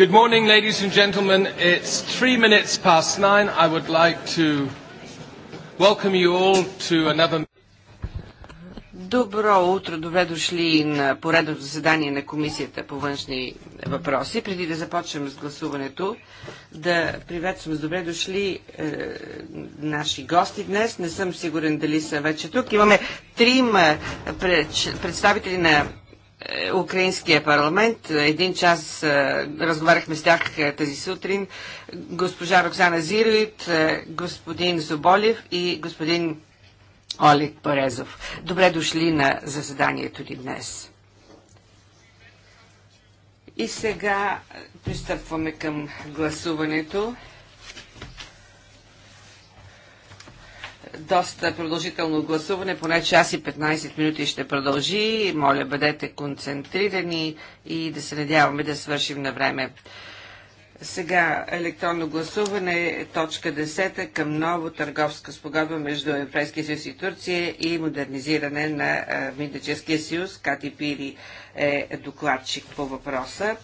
Good morning, ladies and gentlemen. It's three minutes past nine. I would like to welcome you all to another. Добро утро, добре дошли на поредното заседание на Комисията по външни въпроси. Преди да започнем с гласуването, да приветствам с добре дошли е, наши гости днес. Не съм сигурен дали са вече тук. Имаме трима представители на е, украинския парламент. Един час е, разговаряхме с тях е, тази сутрин. Госпожа Роксана Зируит, господин Зоболев и господин Олег Порезов. Добре дошли на заседанието ни днес. И сега пристъпваме към гласуването. доста продължително гласуване, поне час и 15 минути ще продължи. Моля, бъдете концентрирани и да се надяваме да свършим на време. Сега електронно гласуване, точка 10 към ново търговска спогодба между Европейския съюз и Турция и модернизиране на Мидническия съюз. Кати Пири е докладчик по въпроса.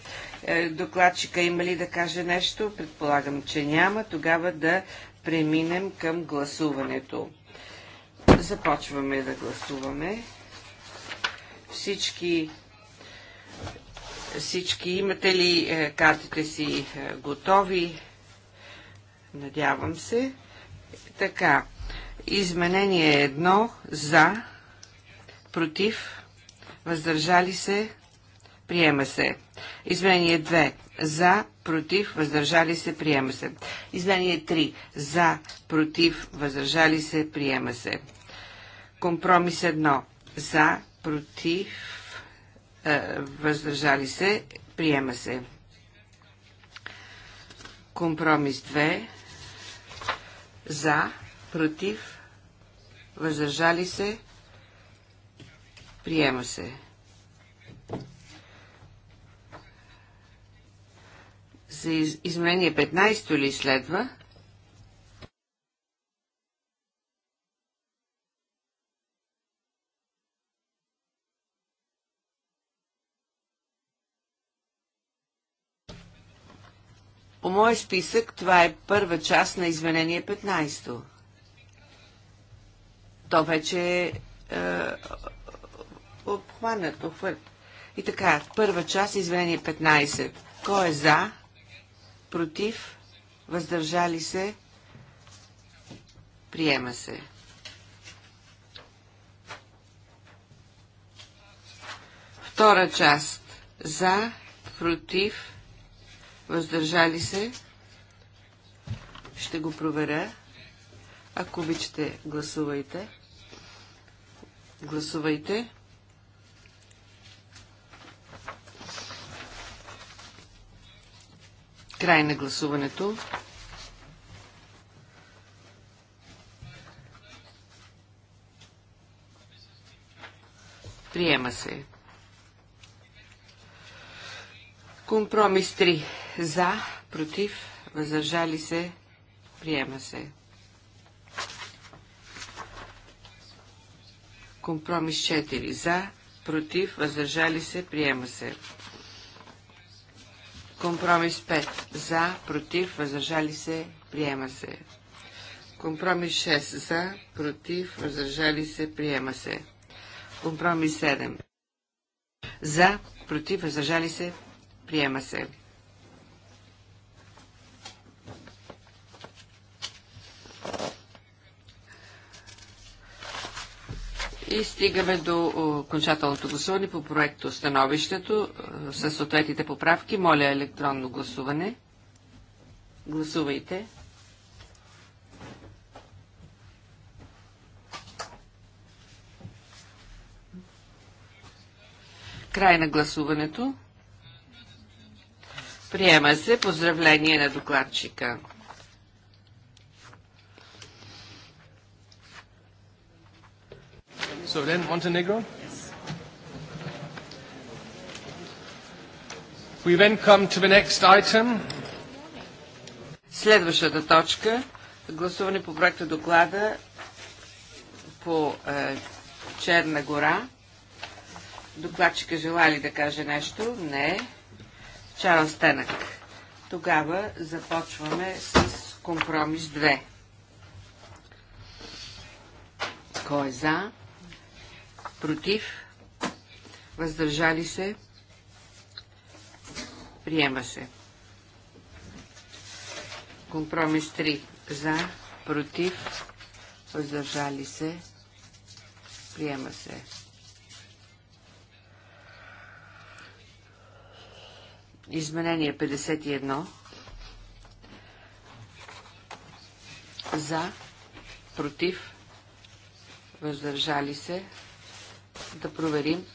Е, докладчика има ли да каже нещо? Предполагам, че няма. Тогава да преминем към гласуването. Започваме да гласуваме. Всички, всички имате ли е, картите си е, готови? Надявам се. Така. Изменение едно за, против, въздържали се, приема се. Изменение 2 за, против, въздържали се, приема се. Издание 3. За, против, въздържали се, приема се. Компромис 1. Е, За, против, въздържали се, приема се. Компромис 2. За, против, въздържали се, приема се. За изменение 15 то ли следва? По мой списък това е първа част на изменение 15. То То вече е, е обхванато. И така, първа част, извинение 15. Кой е за? против, въздържали се, приема се. Втора част. За, против, въздържали се. Ще го проверя. Ако обичате, гласувайте. Гласувайте. Край на гласуването. Приема се. Компромис 3. За, против, въздържали се, приема се. Компромис 4. За, против, въздържали се, приема се. Компромис 5. За, против, въздържали се, приема се. Компромис 6. За, против, въздържали се, приема се. Компромис 7. За, против, въздържали се, приема се. И стигаме до окончателното гласуване по проекто становището е, с съответните поправки. Моля електронно гласуване. Гласувайте. Край на гласуването. Приема се поздравление на докладчика. So then, Montenegro. We then come to the next item. Следващата точка гласуване по проекта доклада по е, Черна гора. Докладчика желая ли да каже нещо? Не. Чарл Стенък. Тогава започваме с компромис 2. Кой е за? против, въздържали се, приема се. Компромис 3 за, против, въздържали се, приема се. Изменение 51 за, против, въздържали се, да проверим.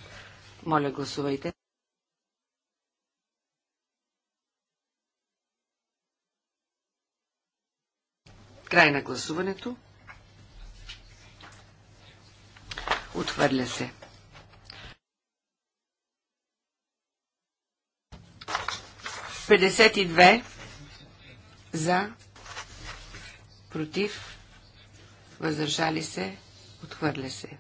Моля, гласувайте. Край на гласуването. Отвърля се. Петдесет и две за, против, въздържали се, отхвърля се.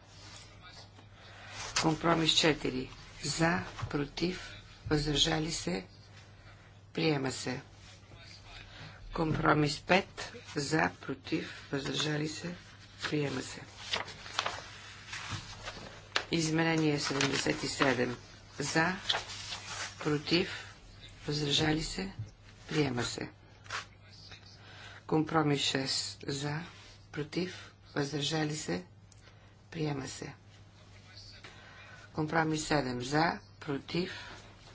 Компромис 4. За, против, въздържали се, приема се. Компромис 5. За, против, въздържали се, приема се. Изменение 77. За, против, въздържали се, приема се. Компромис 6. За, против, въздържали се, приема се. Компромис 7 за, против,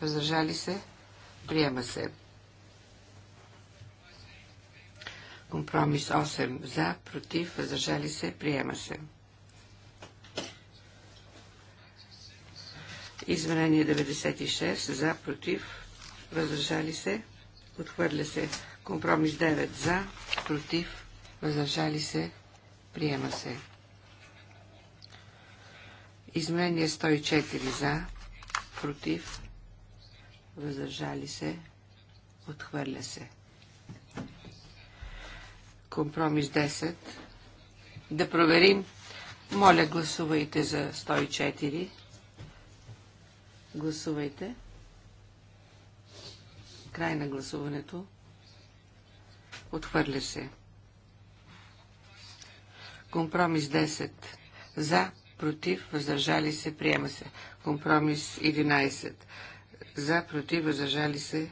въздържали се, приема се. Компромис 8 за, против, въздържали се, приема се. Изменение 96 за, против, въздържали се, отхвърля се. Компромис 9 за, против, въздържали се, приема се. Изменение 104 за, против, въздържали се, отхвърля се. Компромис 10. Да проверим. Моля, гласувайте за 104. Гласувайте. Край на гласуването. Отхвърля се. Компромис 10. За, против, въздържали се, приема се. Компромис 11. За, против, въздържали се,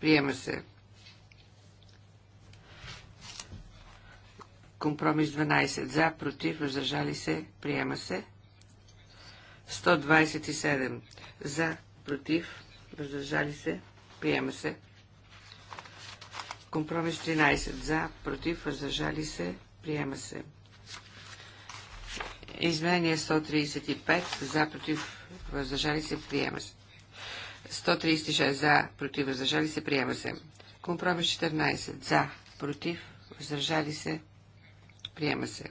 приема се. Компромис 12. За, против, въздържали се, приема се. 127. За, против, въздържали се, приема се. Компромис 13. За, против, въздържали се, приема се. Изменение 135 за против въздържали се приема се. 136 за против въздържали се приема се. Компромис 14 за против въздържали се приема се.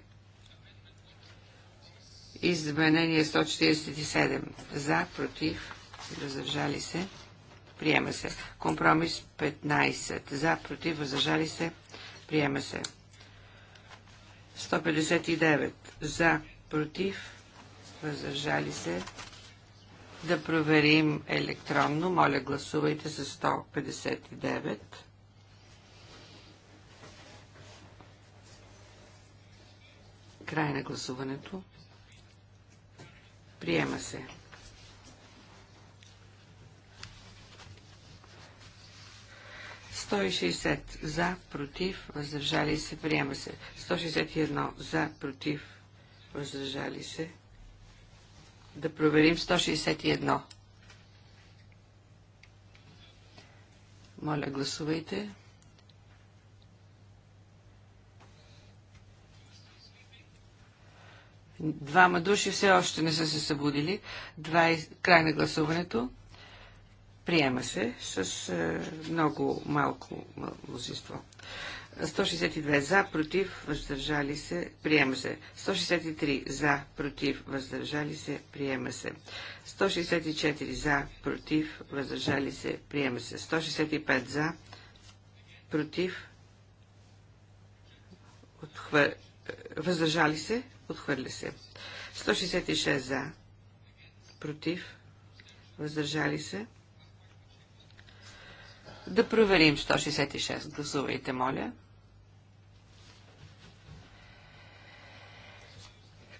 Изменение 147 за против въздържали се приема се. Компромис 15 за против въздържали се приема се. 159 за против, въздържали се. Да проверим електронно. Моля, гласувайте за 159. Край на гласуването. Приема се. за, против, въздържали се, приема се. 161 за, против, въздържали се. Да проверим 161. Моля, гласувайте. Двама души все още не са се събудили. Два е Край на гласуването. Приема се с е, много малко мнозинство. 162 за, против, въздържали се, приема се. 163 за, против, въздържали се, приема се. 164 за, против, въздържали се, приема се. 165 за, против, отхвър... въздържали се, отхвърля се. 166 за, против, въздържали се, да проверим 166. Гласувайте, моля.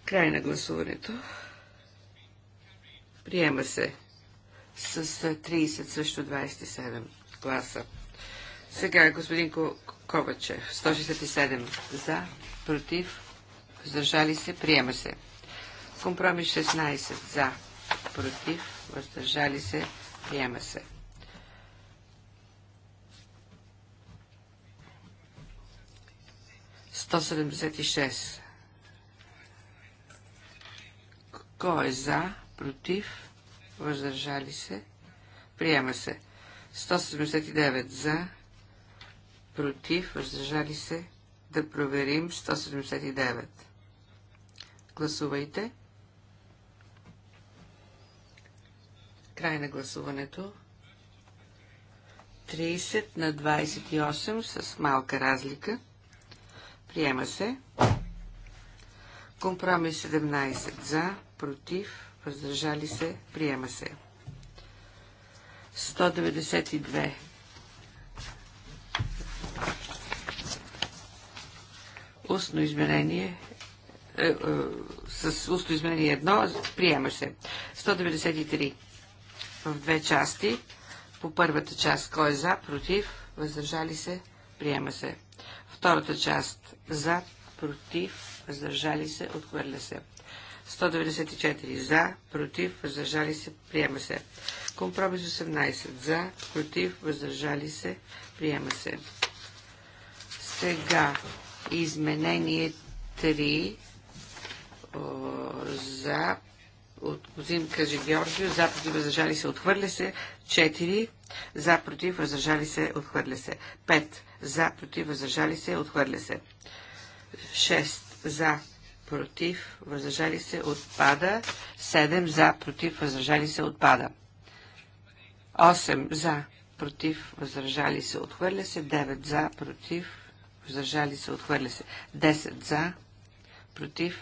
Край на гласуването. Приема се с 30 също, 27 гласа. Сега господин Ковачев. 167 за, против, въздържали се, приема се. Компромис 16 за, против, въздържали се, приема се. 176. Кой е за? Против? Въздържали се? Приема се. 179 за. Против? Въздържали се? Да проверим 179. Гласувайте. Край на гласуването. 30 на 28 с малка разлика. Приема се. Компромис 17 за, против, въздържали се, приема се. 192 Устно изменение е, е, с устно изменение 1 приема се. 193 в две части. По първата част кой е за, против, въздържали се, приема се. Втората част за, против, въздържали се, отхвърля се. 194 за, против, въздържали се, приема се. Компромис 18 за, против, въздържали се, приема се. Сега изменение 3 о, за от Козин Кажи Георгио, за против, въздържали се, отхвърля се. 4 за, против, въздържали се, отхвърля се. 5. За, против, въздържали се, отхвърля се. 6. За, против, въздържали се, отпада. 7. За, против, въздържали се, отпада. 8. За, против, въздържали се, отхвърля се. 9. За, против, въздържали се, отхвърля се. 10. За, против,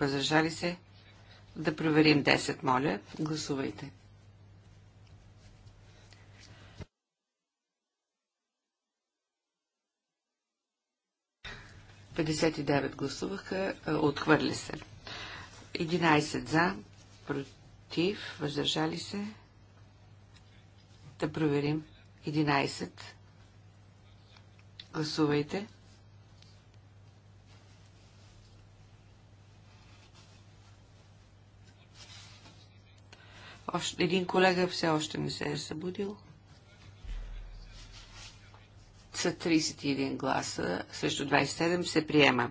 въздържали се. Да проверим 10, моля. Гласувайте. 59 гласуваха, е, отхвърли се. 11 за, против, въздържали се. Да проверим. 11. Гласувайте. Още, един колега все още не се е събудил с 31 гласа срещу 27 се приема.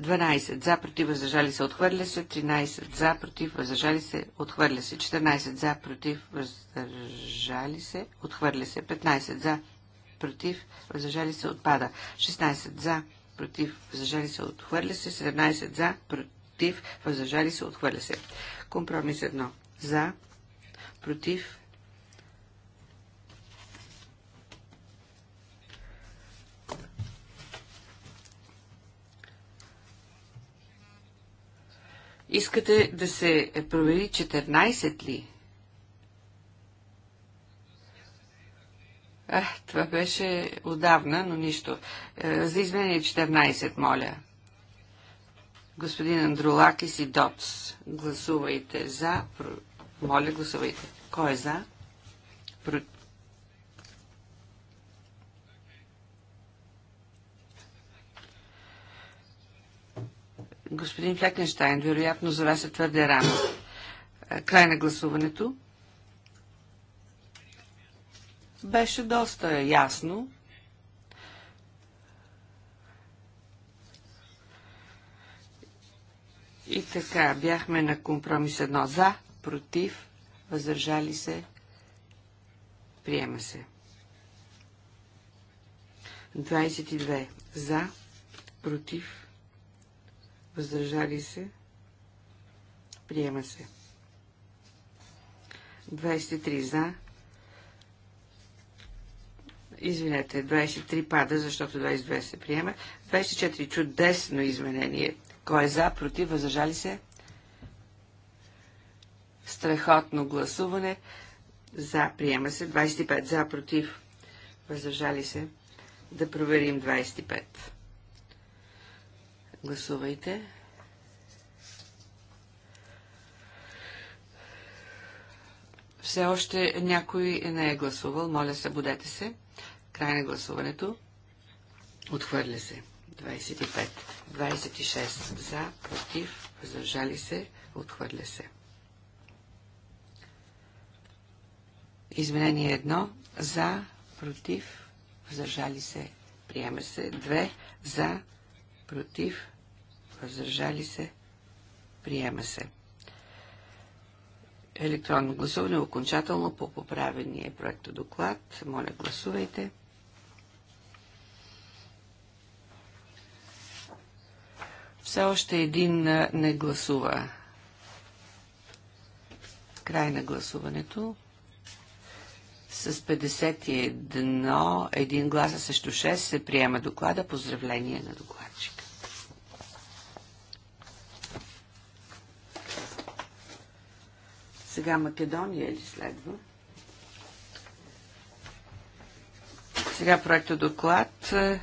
12 за, против, въздържали се, отхвърля се. 13 за, против, въздържали се, отхвърля се. 14 за, против, въздържали се, отхвърля се. 15 за, против, въздържали се, отпада. 16 за, против, въздържали се, отхвърля се. 17 за, против, въздържали се, отхвърля се. Компромис 1. За, против, Искате да се провери 14 ли? А, това беше отдавна, но нищо. Е, за изменение 14, моля. Господин Андролакис и Добс, гласувайте за. Моля, гласувайте. Кой е за? Господин Флекенштайн, вероятно за вас е твърде рано. Е, край на гласуването. Беше доста ясно. И така, бяхме на компромис едно за, против, въздържали се, приема се. 22 за, против, въздържали се, приема се. 23 за, извинете, 23 пада, защото 22 се приема. 24 чудесно изменение. Кой е за, против, въздържали се? Страхотно гласуване. За, приема се. 25 за, против, въздържали се. Да проверим 25. Гласувайте. Все още някой не е гласувал. Моля, събудете се. Край на гласуването. Отхвърля се. 25. 26. За, против, въздържали се, отхвърля се. Изменение 1. За, против, въздържали се, приема се. 2. За, против, въздържали се, приема се. Електронно гласуване е окончателно по поправения проекто доклад. Моля, гласувайте. Все още един не гласува. Край на гласуването. С 51, един гласа срещу 6 се приема доклада. Поздравление на докладчик. Сега Македония ли следва? Сега проекта доклад е,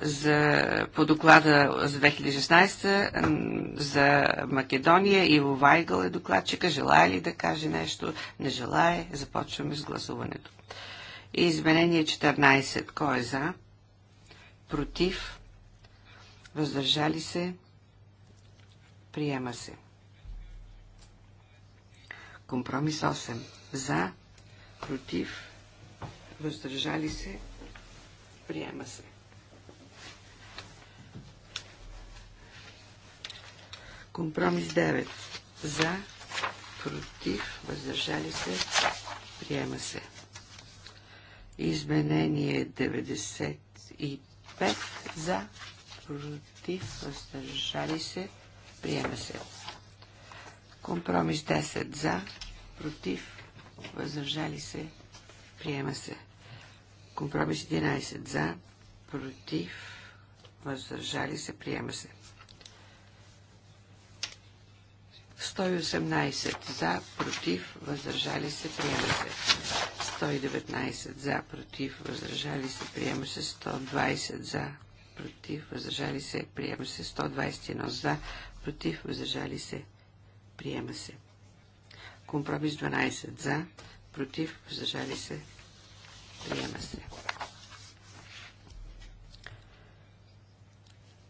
за, по доклада за 2016 за Македония. Иво Вайгъл е докладчика. Желая ли да каже нещо? Не желая. Започваме с гласуването. И изменение 14. Кой е за? Против? Въздържали се? Приема се. Компромис 8. За, против, въздържали се, приема се. Компромис 9. За, против, въздържали се, приема се. Изменение 95 за, против, въздържали се, приема се. Компромис 10 за, против, въздържали се, приема се. Компромис 11 за, против, въздържали се, приема се. 118 за, против, въздържали се, приема се. 119 за, против, въздържали се, приема се. 120 за, против, въздържали се, приема се. 121 за, против, въздържали се, Приема се. Компромис 12 за, против, въздържали се. Приема се.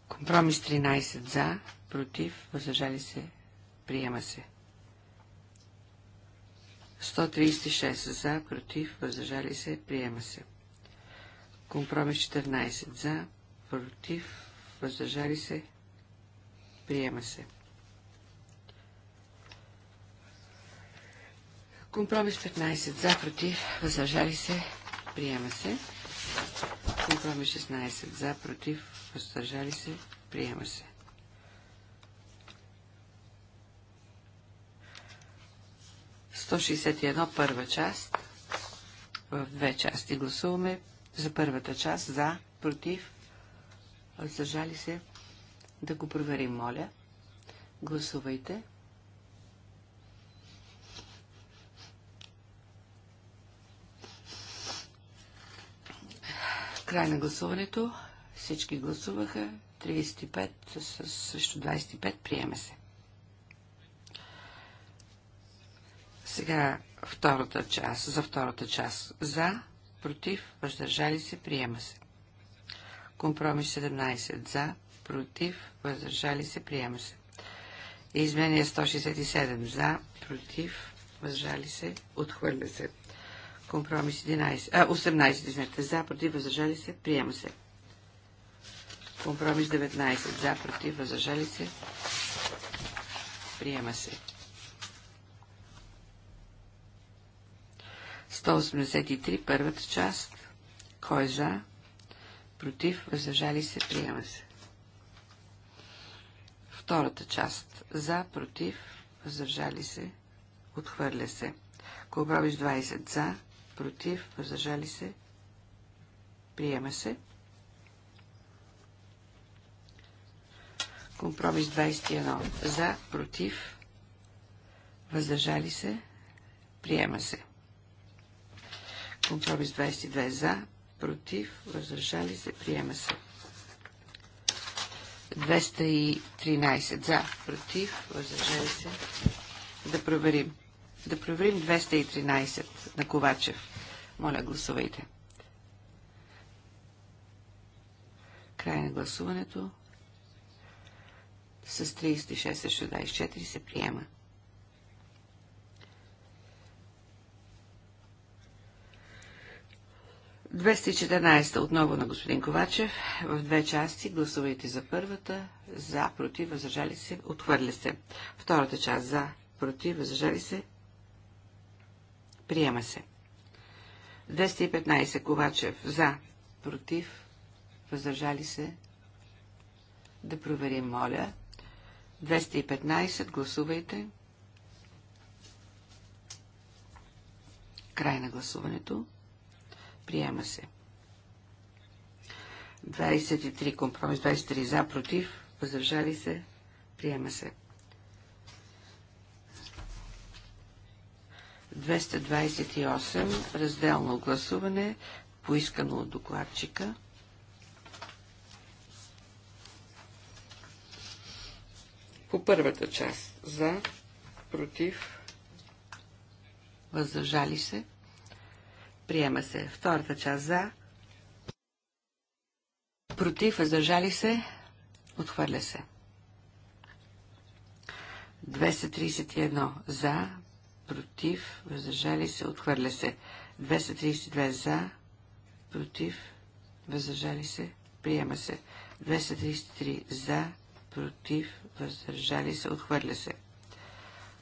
Компромис 13 за, против, въздържали се. Приема се. 136 за, против, въздържали се. Приема се. Компромис 14 за, против, въздържали се. Приема се. Компромис 15 за, против, въздържали се, приема се. Компромис 16 за, против, въздържали се, приема се. Сто първа част. В две части гласуваме. За първата част за, против, въздържали се. Да го проверим, моля. Гласувайте. Край на гласуването. Всички гласуваха. 35 срещу 25. Приема се. Сега втората част. За втората част. За, против, въздържали се, приема се. Компромис 17. За, против, въздържали се, приема се. Изменение 167. За, против, въздържали се, отхвърля се. Компромис 11, а, 18, извинете, за, против, въздържали се, приема се. Компромис 19, за, против, въздържали се, приема се. 183, първата част. Кой е за? Против, въздържали се, приема се. Втората част. За, против, въздържали се, отхвърля се. Компромис 20 за, против, въздържали се, приема се. Компромис 21. За, против, въздържали се, приема се. Компромис 22. За, против, въздържали се, приема се. 213 за, против, въздържали се. Да проверим. Да проверим 213 на Ковачев. Моля, гласувайте. Край на гласуването. С 36 срещу 24 се приема. та отново на господин Ковачев. В две части гласувайте за първата, за, против, възражали се, отхвърля се. Втората част за, против, възражали се, Приема се. 215. Ковачев. За. Против. Въздържали се. Да проверим, моля. 215. Гласувайте. Край на гласуването. Приема се. 23. Компромис 23. За. Против. Въздържали се. Приема се. 228, разделно гласуване, поискано от докладчика. По първата част за, против, въздържали се, приема се. Втората част за, против, въздържали се, отхвърля се. 231 за, против, въздържали се, отхвърля се. 232 за, против, въздържали се, приема се. 233 за, против, въздържали се, отхвърля се.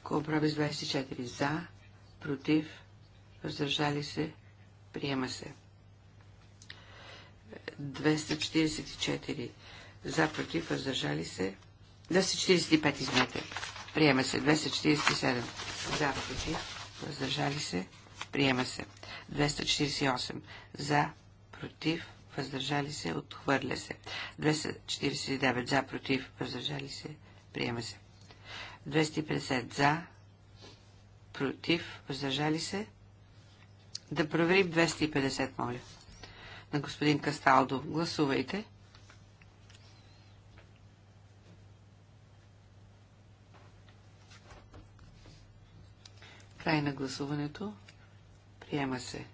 с 24 за, против, въздържали се, приема се. 244 за, против, въздържали се. 245 измете. Приема се. 247. За. Против. Въздържали се. Приема се. 248. За. Против. Въздържали се. Отхвърля се. 249. За. Против. Въздържали се. Приема се. 250. За. Против. Въздържали се. Да проверим 250, моля. На господин Касталдо. Гласувайте. Край на гласуването. Приема се.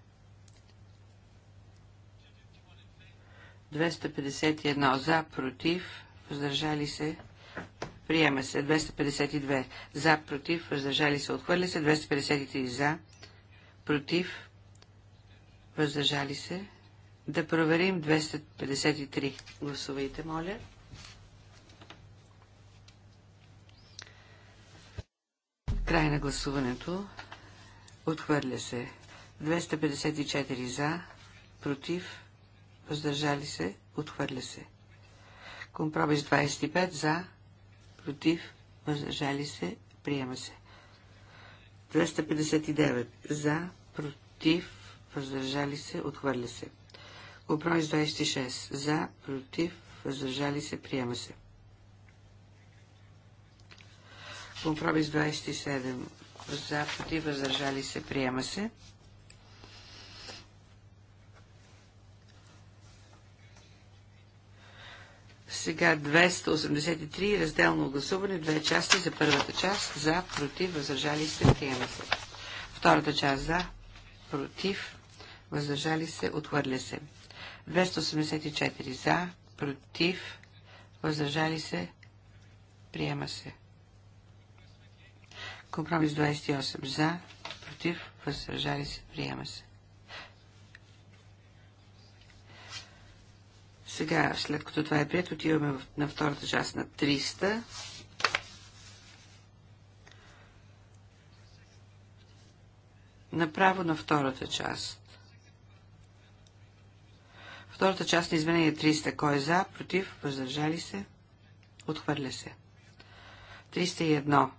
251 за, против, въздържали се. Приема се. 252 за, против, въздържали се. Отхвърля се. 253 за, против, въздържали се. Да проверим 253. Гласувайте, моля. Край на гласуването. Отхвърля се. 254 за, против, въздържали се, отхвърля се. Компромис 25 за, против, въздържали се, приема се. 259 за, против, въздържали се, отхвърля се. Компромис 26 за, против, въздържали се, приема се. Компромис 27 за, против, въздържали се, приема се. Сега 283, разделно гласуване, две части за първата част, за, против, въздържали се, приема се. Втората част за, против, въздържали се, отхвърля се. 284 за, против, въздържали се, приема се. Компромис 28 за, против, въздържали се, приема се. Сега, след като това е прието, отиваме на втората част на 300. Направо на втората част. Втората част на изменение 300. Е Кой е за, против, въздържали се, отхвърля се. 301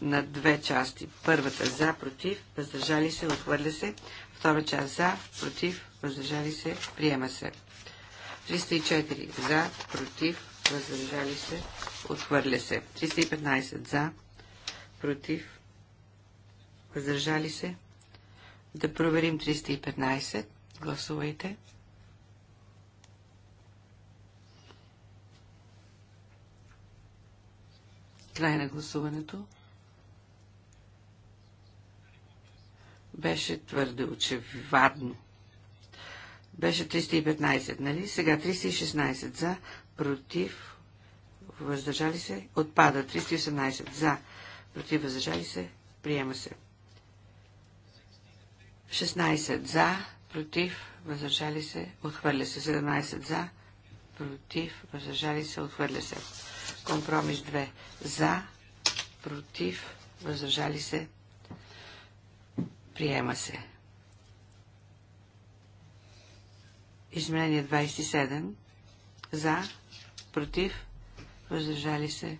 на две части. Първата за, против, въздържали се, отхвърля се. Втора част за, против, въздържали се, приема се. 304 за, против, въздържали се, отхвърля се. 315 за, против, въздържали се. Да проверим 315. Гласувайте. Край на гласуването. беше твърде очевадно. Беше 315, нали? Сега 316 за, против, въздържали се, отпада. 318 за, против, въздържали се, приема се. 16 за, против, въздържали се, отхвърля се. 17 за, против, въздържали се, отхвърля се. Компромис 2 за, против, въздържали се, Приема се. Изменение 27. За. Против. Въздържали се.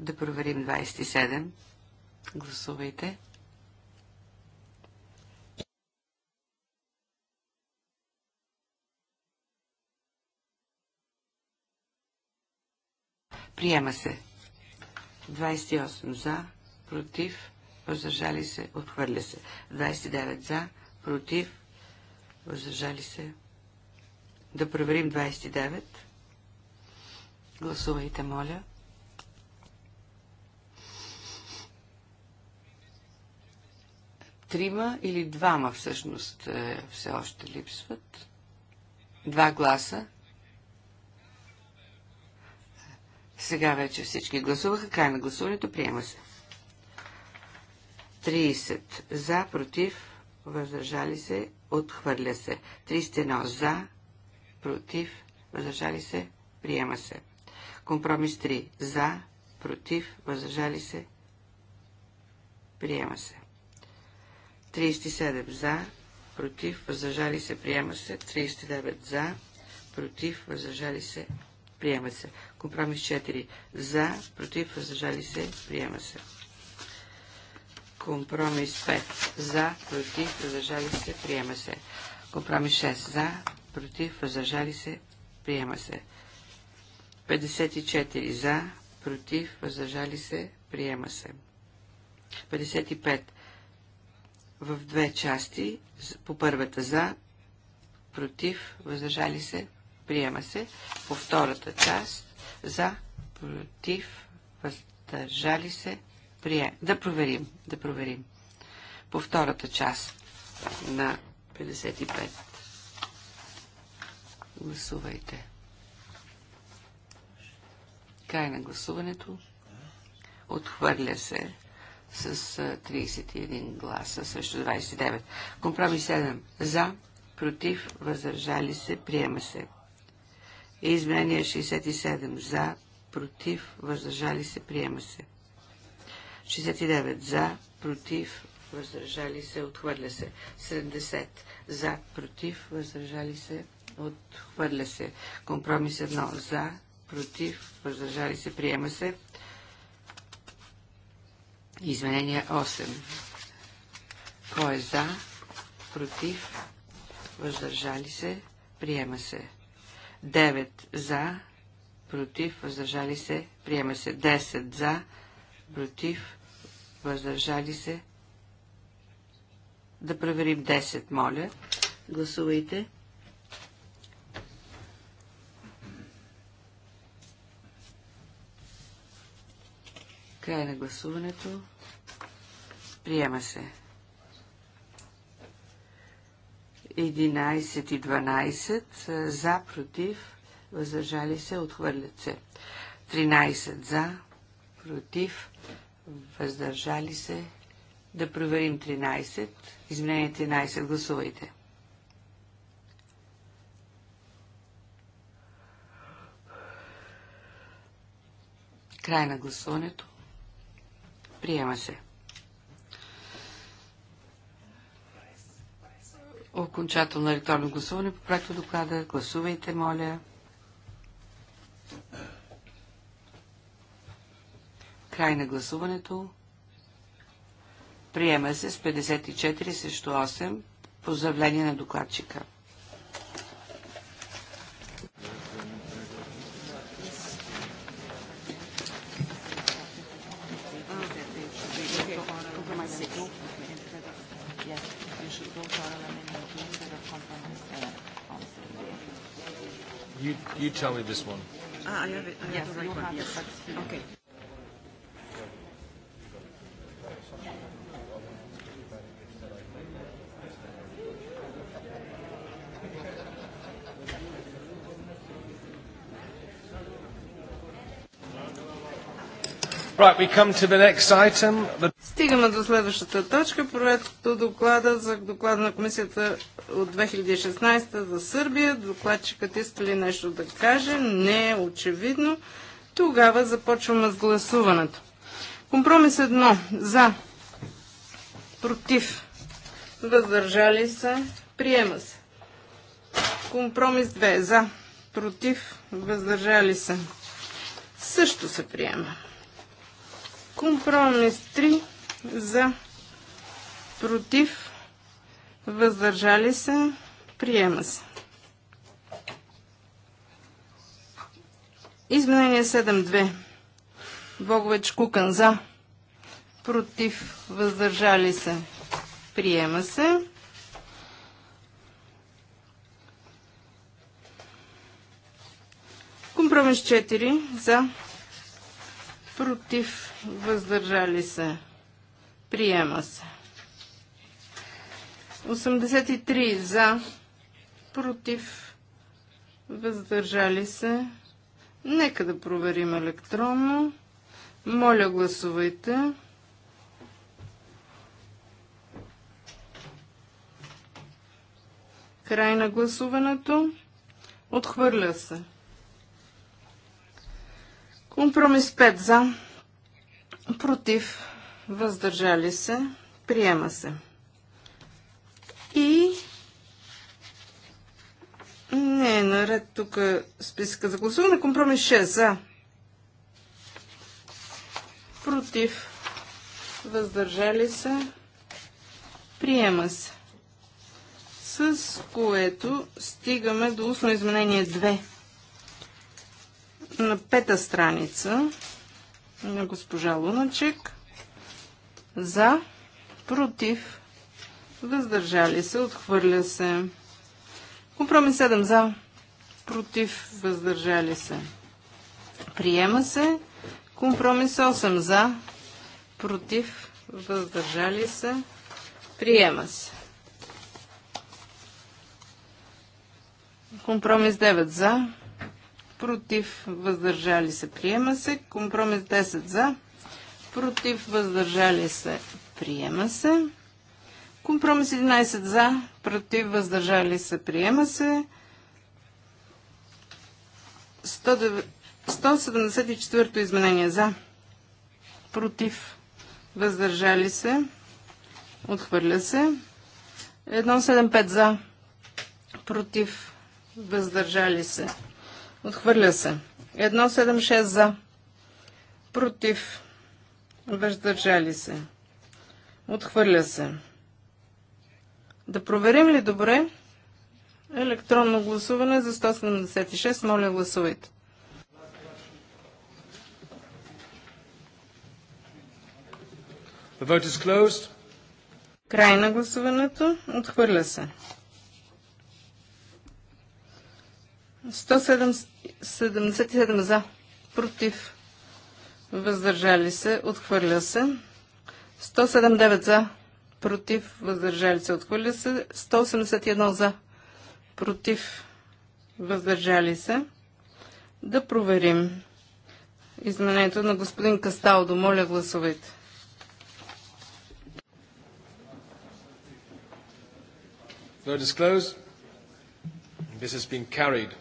Да проверим 27. Гласувайте. Приема се. 28 за, против, въздържали се, отхвърля се. 29 за, против, въздържали се. Да проверим 29. Гласувайте, моля. Трима или двама всъщност е, все още липсват. Два гласа. Сега вече всички гласуваха. Край на гласуването. Приема се. 30 за, против, въздържали се, отхвърля се. 31 за, против, въздържали се, приема се. Компромис 3 за, против, въздържали се, приема се. 37 за, против, въздържали се, приема се. 39 за, против, въздържали се, приема се. Компромис 4 за, против, въздържали се, приема се. Компромис 5. За, против, въздържали се, приема се. Компромис 6. За, против, въздържали се, приема се. 54. За, против, въздържали се, приема се. 55. В две части, по първата за, против, въздържали се, приема се. По втората част, за, против, въздържали се, прие. Да проверим, да проверим. По втората част на 55. Гласувайте. Край на гласуването. Отхвърля се с 31 гласа срещу 29. Компроми 7. За, против, въздържали се, приема се. Изменение 67. За, против, въздържали се, приема се. 69 за, против, въздържали се, отхвърля се. 70 за, против, въздържали се, отхвърля се. Компромис 1 за, против, въздържали се, приема се. Изменение 8. Кой е за, против, въздържали се, приема се. 9 за, против, въздържали се, приема се. 10 за, против, въздържали се. Да проверим 10, моля. Гласувайте. Край на гласуването. Приема се. 11 и 12 за, против, въздържали се, отхвърлят се. 13 за, против, въздържали се. Да проверим 13. Изменение 13. Гласувайте. Край на гласуването. Приема се. Окончателно електронно гласуване по проекта доклада. Гласувайте, моля. Край на гласуването. Приема се с 54 срещу 8 поздравление на докладчика. You, you tell me this one. Ah, I have it. I have yes, the right one. Yes. Okay. Right, we come to the next item. The... Стигаме до следващата точка. от доклада за доклада на комисията от 2016 за Сърбия. Докладчикът иска ли нещо да каже? Не е очевидно. Тогава започваме с гласуването. Компромис 1. За. Против. Въздържали се. Приема се. Компромис 2. За. Против. Въздържали се. Също се приема. Компромис 3 за против въздържали се приема се. Изменение 7.2. Богович Кукан за против въздържали се приема се. Компромис 4 за против, въздържали се, приема се. 83 за, против, въздържали се. Нека да проверим електронно. Моля, гласувайте. Край на гласуването. Отхвърля се. Компромис 5 за, против, въздържали се, приема се. И не е наред тук списка за гласуване. Компромис 6 за, против, въздържали се, приема се. С което стигаме до устно изменение 2 на пета страница на госпожа Луначек. За, против, въздържали се, отхвърля се. Компромис 7 за, против, въздържали се. Приема се. Компромис 8 за, против, въздържали се. Приема се. Компромис 9 за, против, въздържали се, приема се. Компромис 10 за, против, въздържали се, приема се. Компромис 11 за, против, въздържали се, приема се. 174 изменение за, против, въздържали се, отхвърля се. 175 за, против, въздържали се, Отхвърля се. 176 за. Против. Въздържали се. Отхвърля се. Да проверим ли добре? Електронно гласуване за 176. Моля, гласувайте. Край на гласуването. Отхвърля се. 177 за, против, въздържали се, отхвърля се. 179 за, против, въздържали се, отхвърля се. 181 за, против, въздържали се. Да проверим изменението на господин Касталдо. Моля, гласовете. Vote is closed. This has been carried.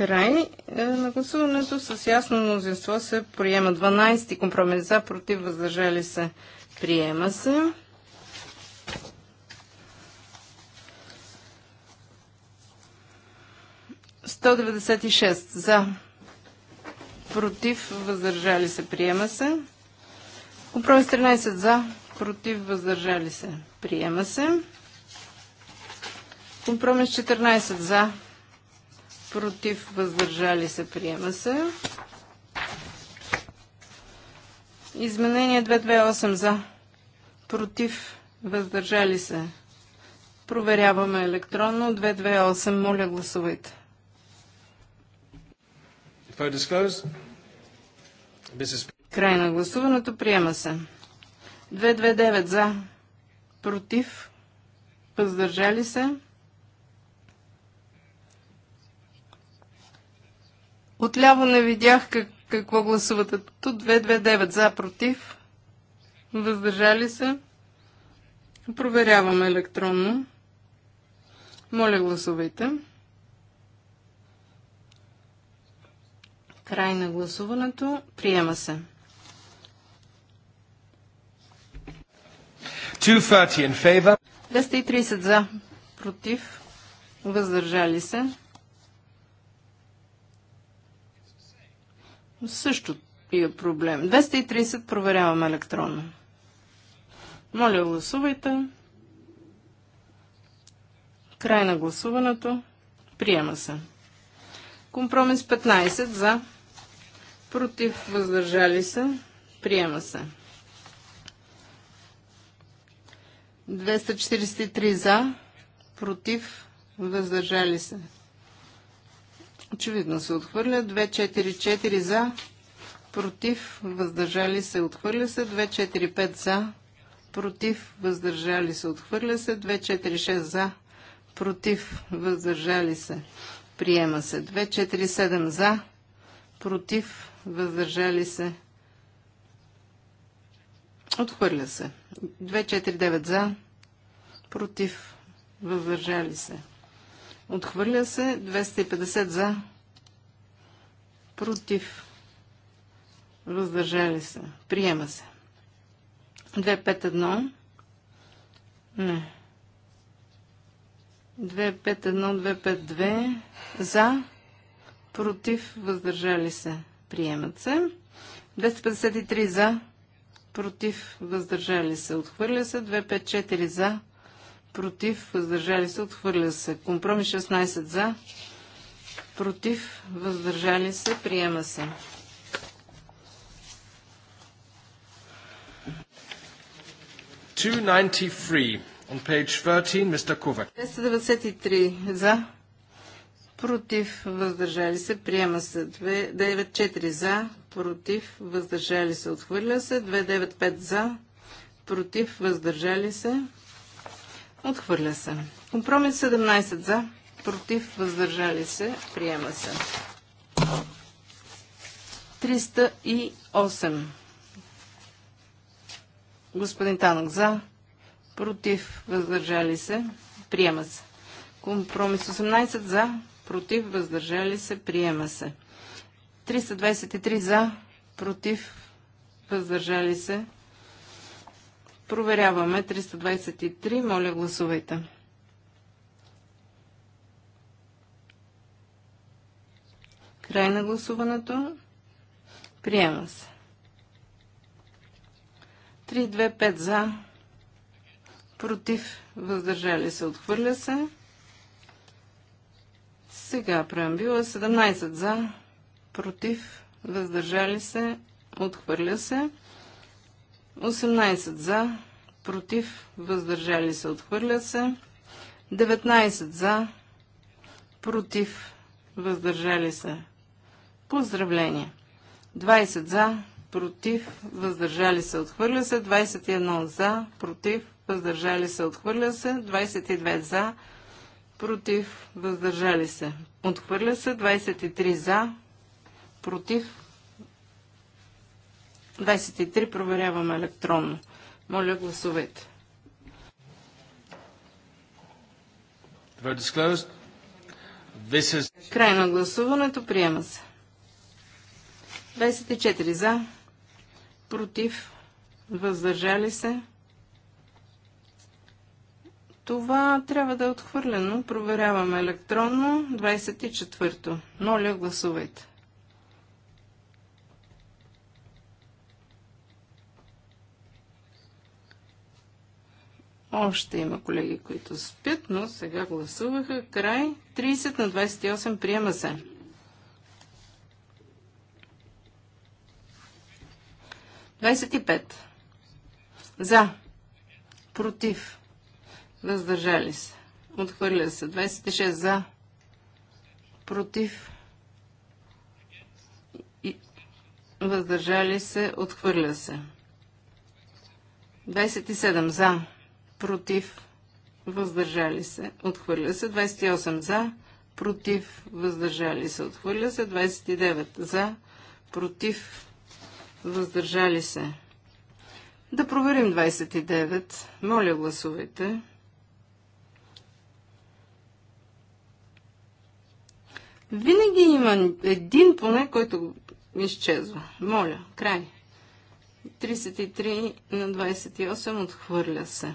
Край е, на гласуването с ясно мнозинство се приема 12 компромис за, против, въздържали се, приема се. Сто за, против, въздържали се, приема се. Компромис 13 за, против, въздържали се, приема се. Компромис 14 за, против, въздържали се, приема се. Изменение 228 за, против, въздържали се. Проверяваме електронно. 228, моля гласувайте. Край на гласуването, приема се. 229 за, против, въздържали се. Отляво не видях как, какво гласувате. Тут 229 за, против. Въздържали се. Проверяваме електронно. Моля, гласувайте. Край на гласуването. Приема се. 230 за, против, въздържали се. Също е проблем. 230 проверявам електронно. Моля, гласувайте. Край на гласуването. Приема се. Компромис 15 за. Против въздържали се. Приема се. 243 за. Против въздържали се. Очевидно се отхвърля. 244 за, против, въздържали се, отхвърля се. 245 за, против, въздържали се, отхвърля се. 246 за, против, въздържали се, приема се. 247 за, против, въздържали се, отхвърля се. 249 за, против, въздържали се. Отхвърля се 250 за. Против. Въздържали се. Приема се. 251. Не. 251-252 за. Против. Въздържали се. Приемат се. 253 за. Против. Въздържали се. Отхвърля се. 254 за против, въздържали се, отхвърля се. Компромис 16 за, против, въздържали се, приема се. On page 13, Mr. Kovac. 293 за, против, въздържали се, приема се. 294 за, против, въздържали се, отхвърля се. 295 за, против, въздържали се. Отхвърля се. Компромис 17 за, против, въздържали се, приема се. 308. Господин Танок за, против, въздържали се, приема се. Компромис 18 за, против, въздържали се, приема се. 323 за, против, въздържали се, Проверяваме 323. Моля, гласувайте. Край на гласуването. Приема се. 325 за. Против. Въздържали се. Отхвърля се. Сега преамбила 17 за. Против. Въздържали се. Отхвърля се. 18 за, против, въздържали се, отхвърля се. 19 за, против, въздържали се. Поздравление. 20 за, против, въздържали се, отхвърля се. 21 за, против, въздържали се, отхвърля се. 22 за, против, въздържали се. Отхвърля се. 23 за, против, 23 проверяваме електронно. Моля, гласувайте. Край на гласуването. Приема се. 24 за, против, въздържали се. Това трябва да е отхвърлено. Проверяваме електронно. 24. Моля, гласувайте. Още има колеги, които спят, но сега гласуваха. Край. 30 на 28 приема се. Двадесет и пет. За. Против. Въздържали се. Отхвърля се. 26 за. Против. И... Въздържали се. Отхвърля се. 27 за против, въздържали се, отхвърля се. 28 за, против, въздържали се, отхвърля се. 29 за, против, въздържали се. Да проверим 29. Моля, гласувайте. Винаги има един поне, който изчезва. Моля, край. 33 на 28 отхвърля се.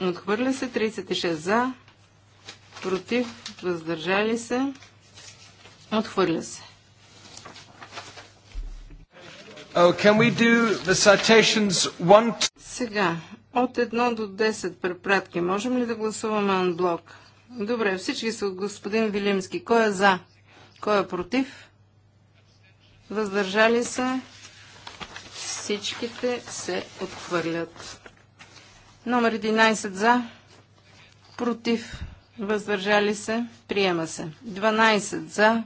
Отхвърля се 36 за, против, въздържали се, отхвърля се. Oh, can we do the citations one... Сега, от 1 до 10 препратки, можем ли да гласуваме анблок? Добре, всички са от господин Вилимски. Кой е за? Кой е против? Въздържали се? Всичките се отхвърлят. Номер 11 за, против, въздържали се, приема се. 12 за,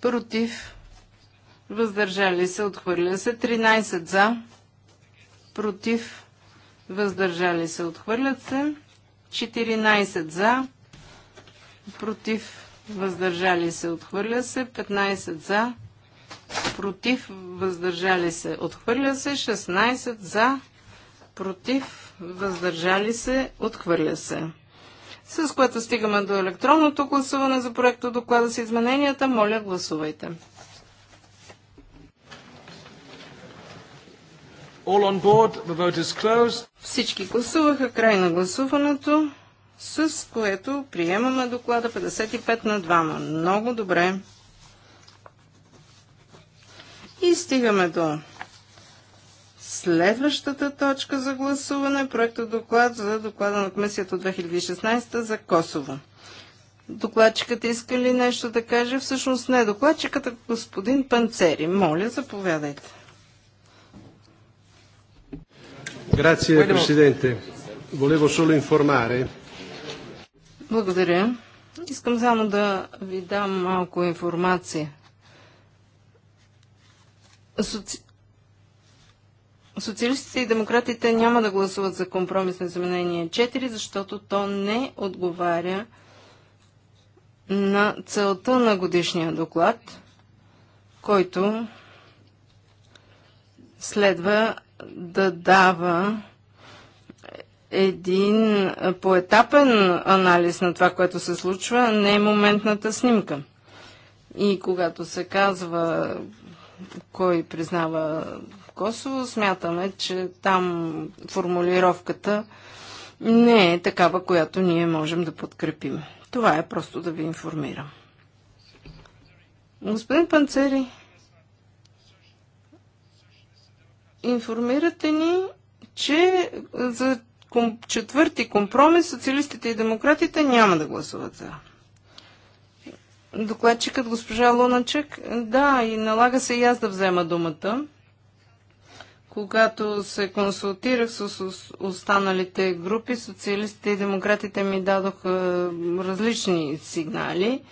против, въздържали се, отхвърля се. 13 за, против, въздържали се, отхвърлят се. 14 за, против, въздържали се, отхвърля се. 15 за, против, въздържали се, отхвърля се, 16 за, против, въздържали се, отхвърля се. С което стигаме до електронното гласуване за проекта доклада с измененията. Моля, гласувайте. All on board, the vote is closed. Всички гласуваха край на гласуването, с което приемаме доклада 55 на 2. Много добре. И стигаме до следващата точка за гласуване, проектът доклад за доклада на комисията от 2016 за Косово. Докладчикът иска ли нещо да каже? Всъщност не. Докладчикът е господин Панцери. Моля, заповядайте. Grazie, Presidente. Volevo solo informare. Благодаря. Искам само да ви дам малко информация. Соци... Социалистите и демократите няма да гласуват за компромис на заменение 4, защото то не отговаря на целта на годишния доклад, който следва да дава един поетапен анализ на това, което се случва, не е моментната снимка. И когато се казва кой признава Косово, смятаме, че там формулировката не е такава, която ние можем да подкрепим. Това е просто да ви информирам. Господин Панцери, информирате ни, че за четвърти компромис социалистите и демократите няма да гласуват за докладчикът госпожа Луначек. Да, и налага се и аз да взема думата. Когато се консултирах с останалите групи, социалистите и демократите ми дадоха различни сигнали,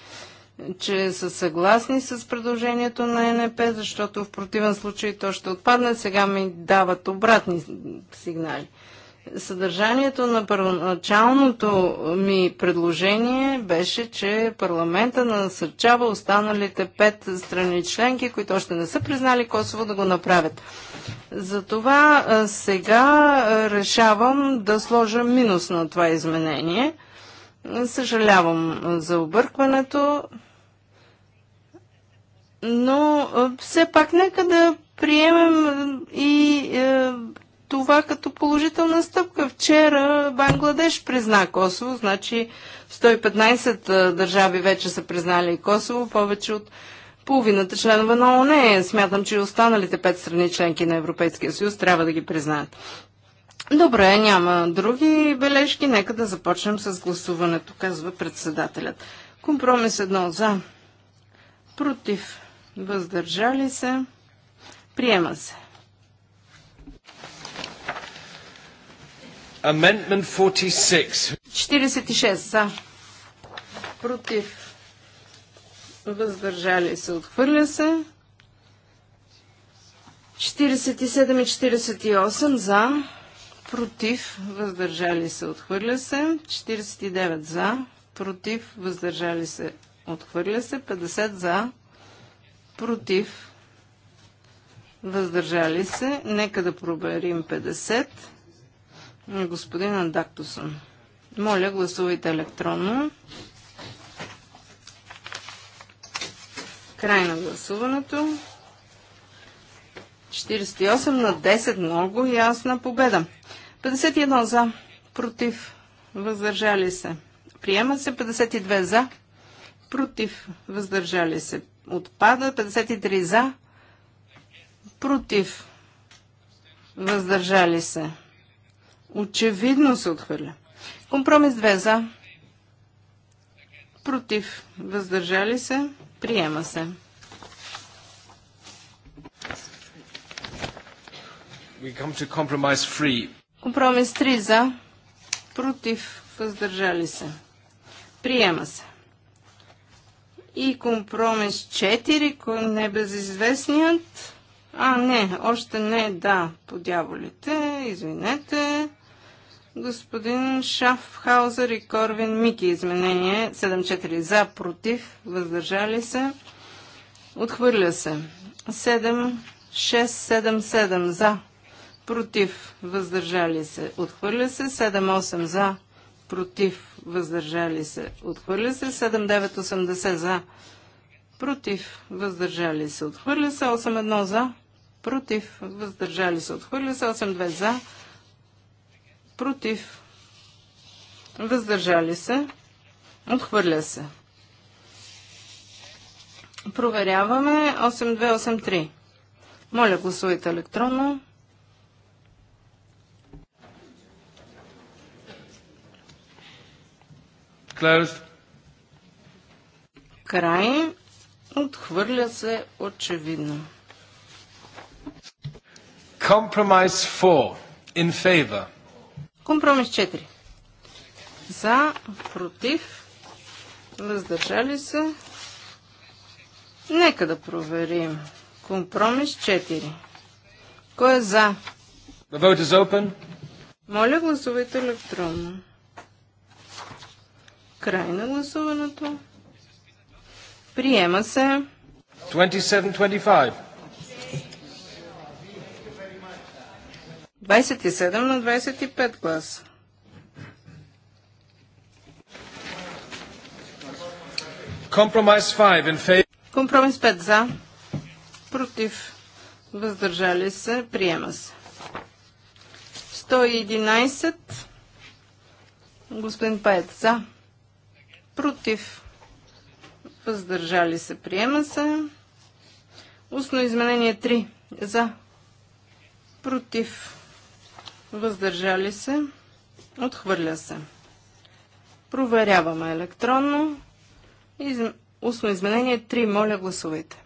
че са съгласни с предложението на НП, защото в противен случай то ще отпадне. Сега ми дават обратни сигнали. Съдържанието на първоначалното ми предложение беше, че парламента насърчава останалите пет страни членки, които още не са признали Косово, да го направят. Затова сега решавам да сложа минус на това изменение. Съжалявам за объркването, но все пак нека да приемем и това като положителна стъпка. Вчера Бангладеш призна Косово, значи 115 държави вече са признали Косово, повече от половината членове на ООН. Смятам, че и останалите пет страни членки на Европейския съюз трябва да ги признаят. Добре, няма други бележки. Нека да започнем с гласуването, казва председателят. Компромис едно за. Против. Въздържали се. Приема се. Amendment 46. 46 за. Против. Въздържали се. Отхвърля се. 47 и 48 за. Против. Въздържали се. Отхвърля се. 49 за. Против. Въздържали се. Отхвърля се. 50 за. Против. Въздържали се. Нека да проверим 50 господин Андактусон. Моля, гласувайте електронно. Край на гласуването. 48 на 10. Много ясна победа. 51 за. Против. Въздържали се. Приема се 52 за. Против. Въздържали се. Отпада 53 за. Против. Въздържали се. Очевидно се отхвърля. Компромис 2 за. Против. Въздържали се. Приема се. Компромис 3 за. Против. Въздържали се. Приема се. И компромис 4, кой не е безизвестният. А, не, още не, да, по дяволите, извинете. Господин Шафхаузер и Корвин Мики изменение 7-4 за, против, въздържали се, отхвърля се. 7-6-7-7 за, против, въздържали се, отхвърля се. 7-8 за, против, въздържали се, отхвърля се. 7-9-80 за, против, въздържали се, отхвърля се. 8-1 за, против, въздържали се, отхвърля се. 8-2 за, против, против, въздържали се, отхвърля се. Проверяваме 8283. Моля, гласувайте електронно. Клерс. Край. Отхвърля се очевидно. Компромис 4. In favor. Компромис 4. За, против, въздържали се. Нека да проверим. Компромис 4. Кой е за? The vote is open. Моля, гласувайте електронно. Край на гласуването. Приема се. 27-25. 27 на 25 гласа. Компромис 5 за, против, въздържали се, приема се. 111, господин Паец, за, против, въздържали се, приема се. Устно изменение 3 за, против, въздържали се, отхвърля се. Проверяваме електронно. Из... Устно изменение 3. Моля, гласувайте.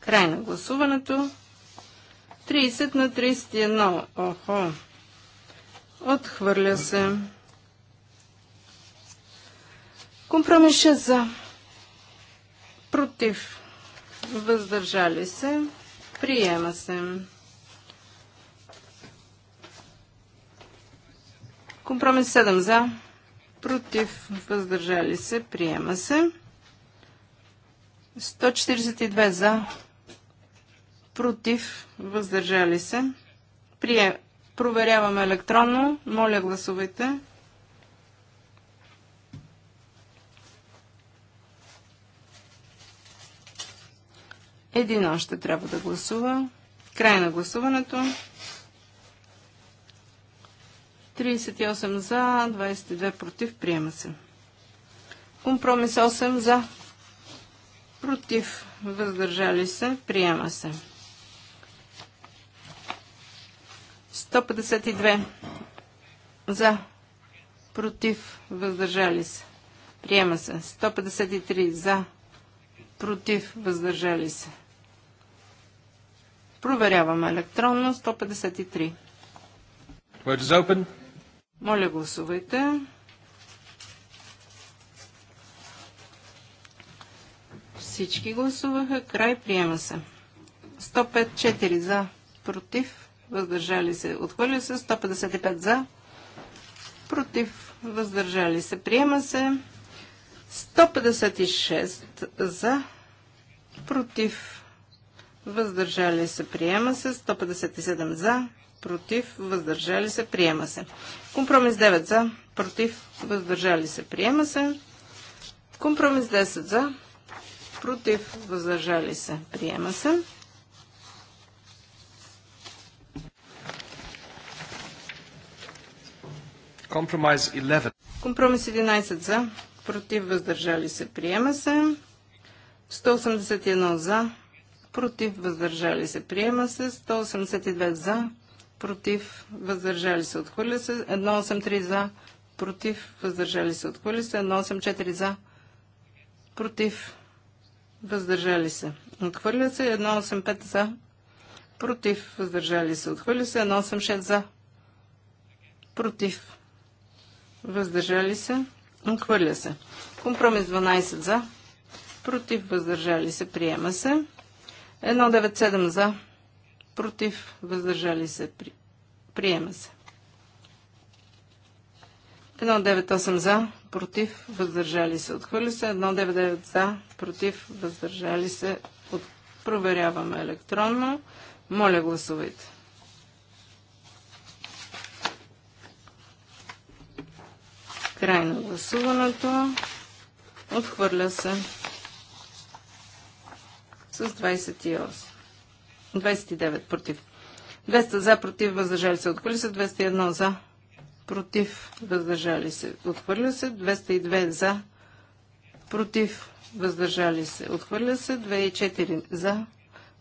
Край на гласуването. 30 на 31. Охо. Отхвърля се. Компромиша за. Против въздържали се, приема се. Компромис 7 за, против, въздържали се, приема се. 142 за, против, въздържали се. Прие... Проверяваме електронно. Моля, гласувайте. Един още трябва да гласува. Край на гласуването. 38 за, 22 против. Приема се. Компромис 8 за. Против. Въздържали се. Приема се. 152 за. Против. Въздържали се. Приема се. 153 за. Против. Въздържали се. Проверяваме електронно 153. Моля гласувайте. Всички гласуваха. Край приема се. 154 за, против, въздържали се. Отхвърля се 155 за, против, въздържали се. Приема се 156 за, против, въздържали се, приема се. 157 за, против, въздържали се, приема се. Компромис 9 за, против, въздържали се, приема се. Компромис 10 за, против, въздържали се, приема се. Компромис 11. Компромис 11 за, против, въздържали се, приема се. 181 за, против, въздържали се, приема се. 182 за, против, въздържали се, отхвърля се. 183 за, против, въздържали се, отхвърля се. 184 за, против, въздържали се, отхвърля се. 185 за, против, въздържали се, отхвърля се. 186 за, против, въздържали се, отхвърля се. Компромис 12 за, против, въздържали се, приема се. 197 за, против, въздържали се, при... приема се. 198 за, против, въздържали се, отхвърли се. 199 за, против, въздържали се, от... проверяваме електронно. Моля, гласувайте. Край на гласуването. Отхвърля се с 28. 29 против. 200 за, против, въздържали се, отхвърли се, 201 за, против, въздържали се, отхвърля се, 202 за, против, въздържали се, отхвърля се, 204 за,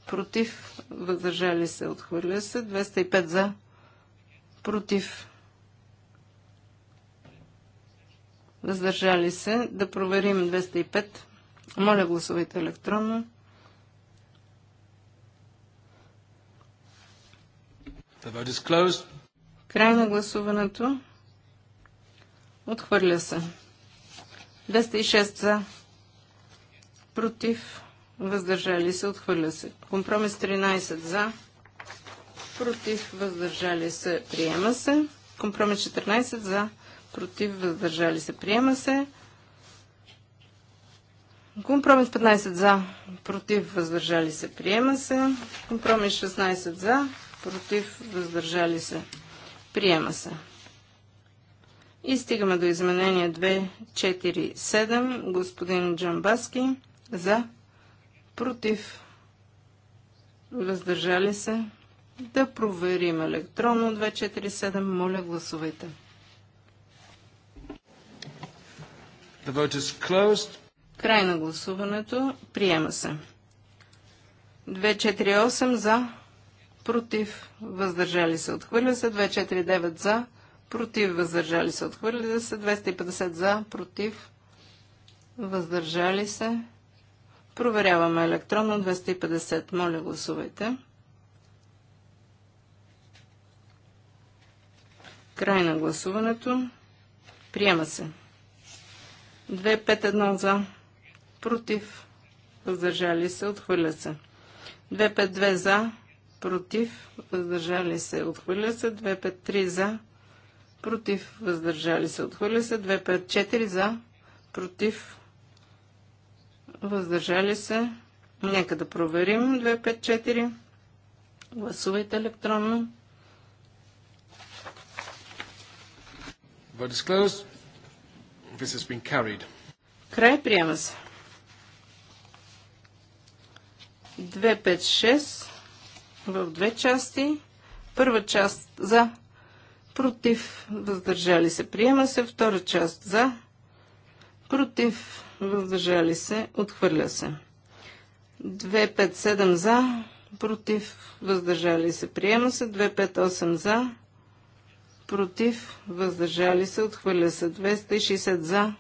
против, въздържали се, отхвърля се, 205 за, против, въздържали се, да проверим 205. Моля, гласувайте електронно. Край на гласуването. Отхвърля се. 206 за. Против. Въздържали се. Отхвърля се. Компромис 13 за. Против. Въздържали се. Приема се. Компромис 14 за. Против. Въздържали се. Приема се. Компромис 15 за. Против. Въздържали се. Приема се. Компромис 16 за против, въздържали се, приема се. И стигаме до изменение 247. Господин Джамбаски за, против, въздържали се. Да проверим електронно 247. Моля, гласувайте. The vote is closed. Край на гласуването. Приема се. 248 за, против, въздържали се, отхвърля се, 249 за, против, въздържали се, отхвърля се, 250 за, против, въздържали се. Проверяваме електронно 250. Моля, гласувайте. Край на гласуването. Приема се. 251 за, против, въздържали се, отхвърля се. 252 за, против, въздържали се, отхвърля се, 253 за, против, въздържали се, отхвърля се, 254 за, против, въздържали се. Нека да проверим 254. Гласувайте електронно. Край приема се. 256 в две части. Първа част за, против, въздържали се, приема се. Втора част за, против, въздържали се, отхвърля се. 257 за, против, въздържали се, приема се. 258 за, против, въздържали се, отхвърля се. 260 за,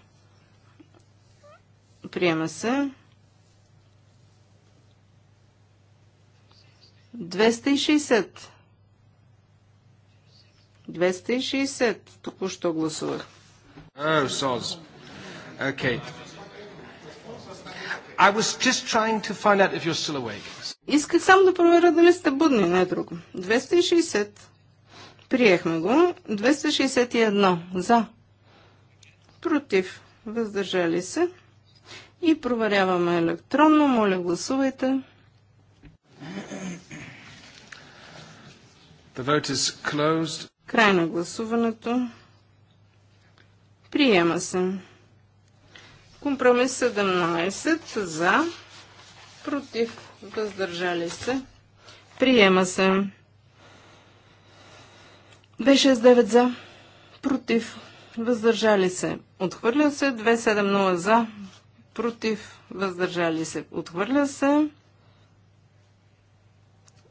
приема се. 260. 260. Току-що гласувах. Oh, soz. Okay. I was just trying to find out if you're still awake. Исках само да проверя дали сте будни, не друго. 260. Приехме го. 261. За. Против. Въздържали се. И проверяваме електронно. Моля, гласувайте. The vote is closed. Край на гласуването. Приема се. Компромис 17 за, против, въздържали се. Приема се. 269 за, против, въздържали се. Отхвърля се. 270 за, против, въздържали се. Отхвърля се.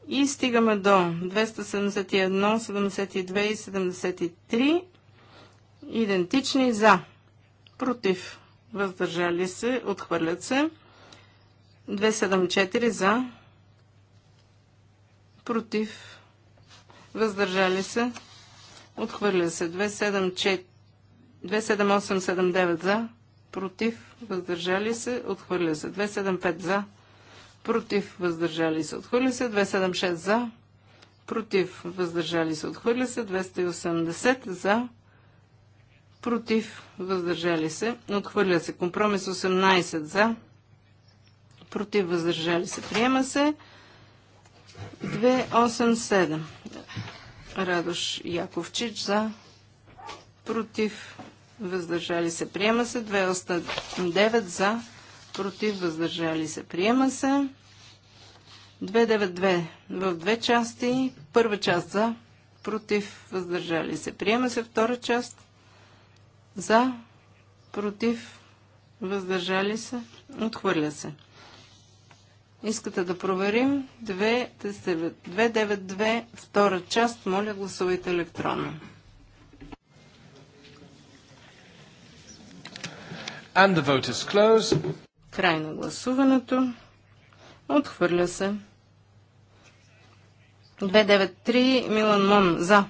И стигаме до 271, 72 и 73. Идентични за. Против. Въздържали се. Отхвърлят се. 274 за. Против. Въздържали се. Отхвърля се. 27879 за. Против. Въздържали се. Отхвърля се. 275 за против, въздържали се, отхвърля се, 276 за, против, въздържали се, отхвърля се, 280 за, против, въздържали се, отхвърля се, компромис 18 за, против, въздържали се, приема се, 287 Радош Яковчич за, против, въздържали се, приема се, 289 за, против, въздържали се, приема се. 292 в две части. Първа част за, против, въздържали се, приема се. Втора част за, против, въздържали се, отхвърля се. Искате да проверим 292, втора част. Моля, гласувайте електронно. And the vote is closed. Край на гласуването. Отхвърля се. 293 Милан Мон за.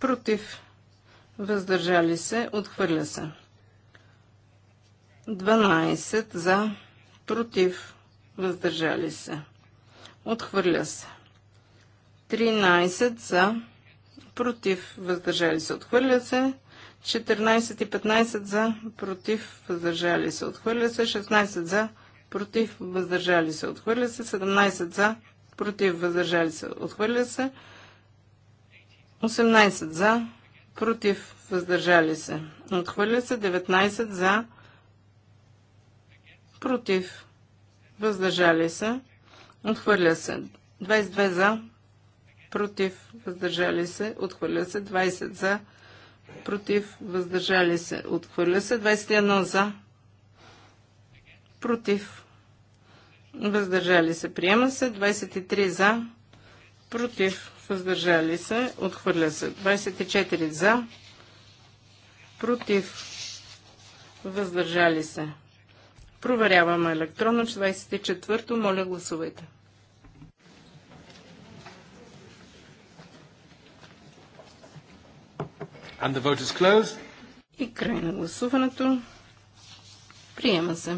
Против. Въздържали се. Отхвърля се. 12 за. Против. Въздържали се. Отхвърля се. 13 за. Против. Въздържали се. Отхвърля се. 14 и 15 за, против, въздържали се, отхвърля се. 16 за, против, въздържали се, отхвърля се. 17 за, против, въздържали се, отхвърля се. 18 за, против, въздържали се, отхвърля се. 19 за, против, въздържали се, отхвърля се. 22 за, против, въздържали се, отхвърля се. 20 за, против, против, въздържали се, отхвърля се. 21 за, против, въздържали се, приема се. 23 за, против, въздържали се, отхвърля се. 24 за, против, въздържали се. Проверяваме електронно 24-то. Моля, гласувайте. And the vote is closed. И край на гласуването. Приема се.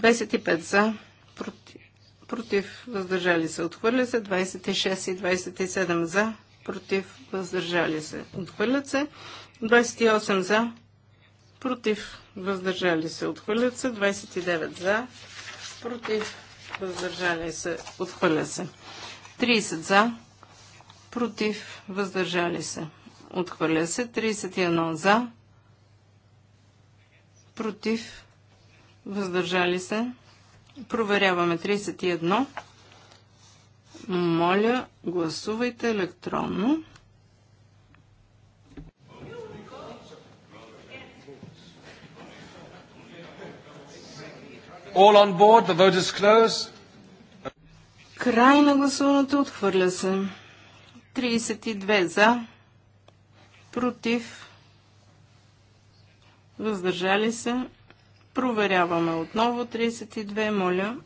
25 за, против, против въздържали се, отхвърля се. 26 и 27 за, против, въздържали се, отхвърлят се. 28 за, против, въздържали се, отхвърлят се. 29 за, против, въздържали се, отхвърля се. 30 за, против, въздържали се, Отхвърля се. 31 за. Против. Въздържали се. Проверяваме 31. Моля, гласувайте електронно. All on board, the vote is closed. Край на гласуването отхвърля се. 32 за, против, въздържали се. Проверяваме отново 32, моля.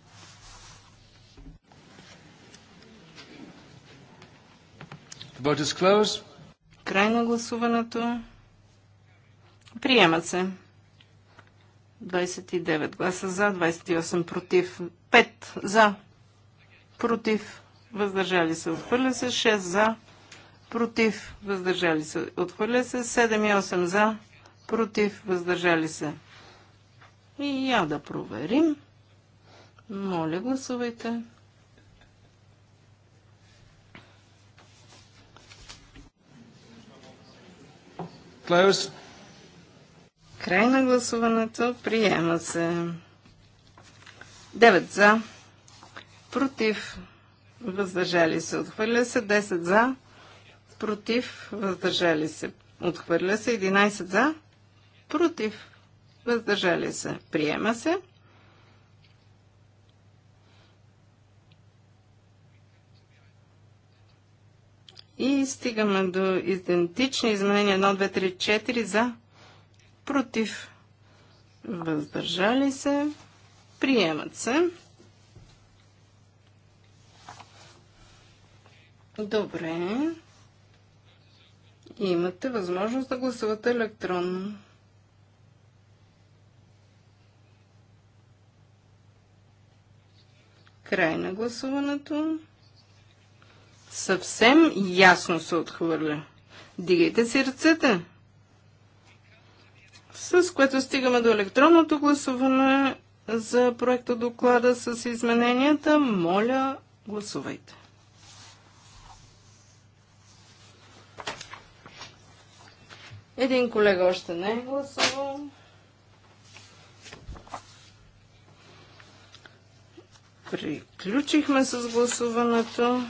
Край на гласуването. Приемат се. 29 гласа за, 28 против, 5 за, против, въздържали се, отхвърля се, 6 за, против, въздържали се. Отхвърля се 7 и 8 за, против, въздържали се. И я да проверим. Моля, гласувайте. Close. Край на гласуването. Приема се. 9 за. Против. Въздържали се. Отхвърля се. 10 за против, въздържали се. Отхвърля се 11 за, против, въздържали се. Приема се. И стигаме до идентични изменения 1, 2, 3, 4 за, против, въздържали се, приемат се. Добре. И Имате възможност да гласувате електронно. Край на гласуването. Съвсем ясно се отхвърля. Дигайте си ръцете. С което стигаме до електронното гласуване за проекта доклада с измененията. Моля, гласувайте. Един колега още не е гласувал. Приключихме с гласуването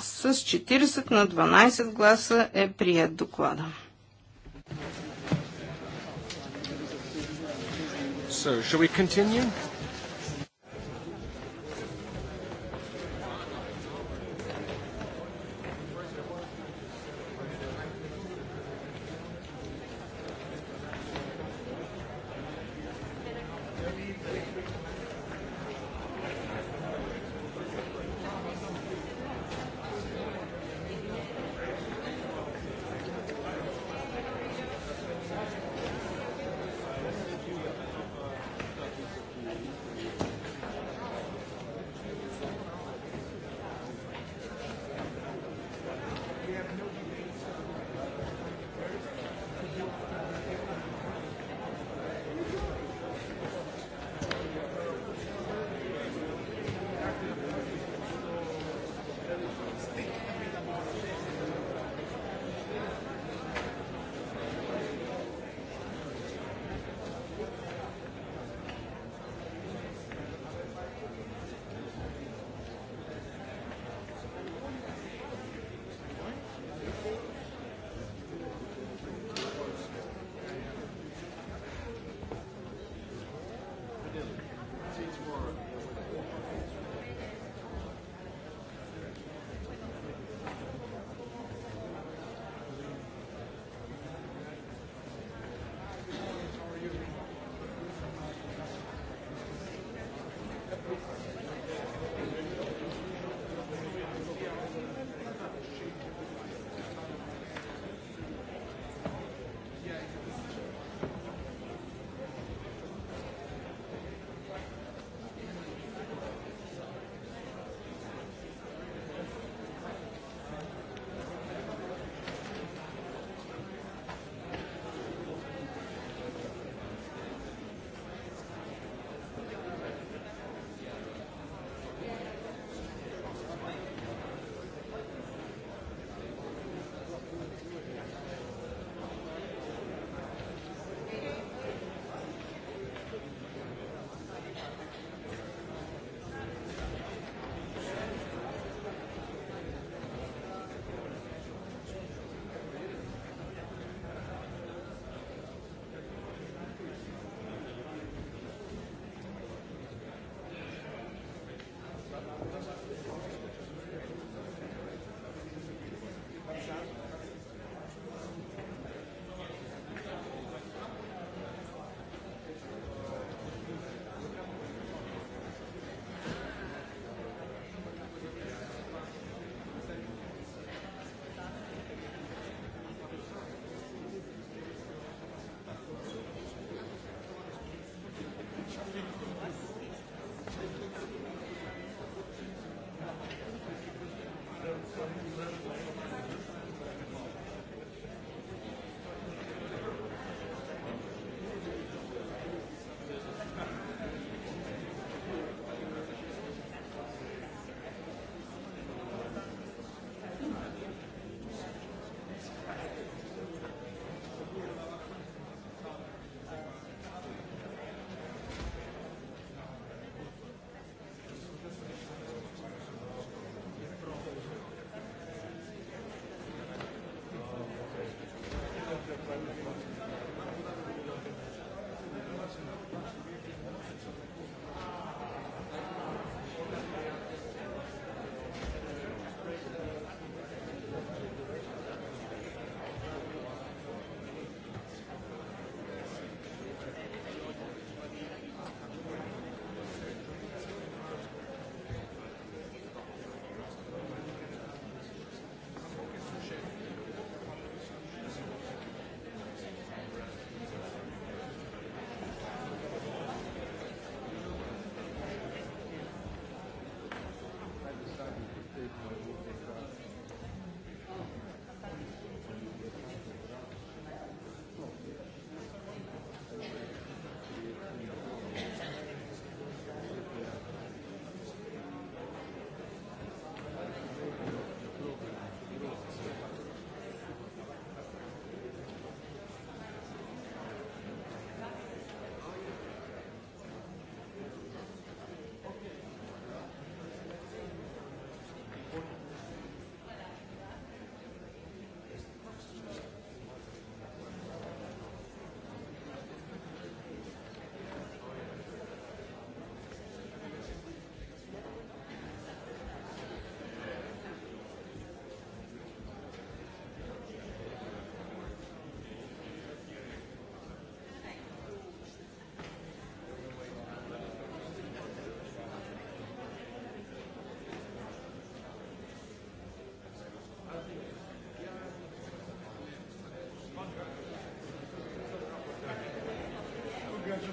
с 40 на 12 гласа е прият доклада. So, shall we continue?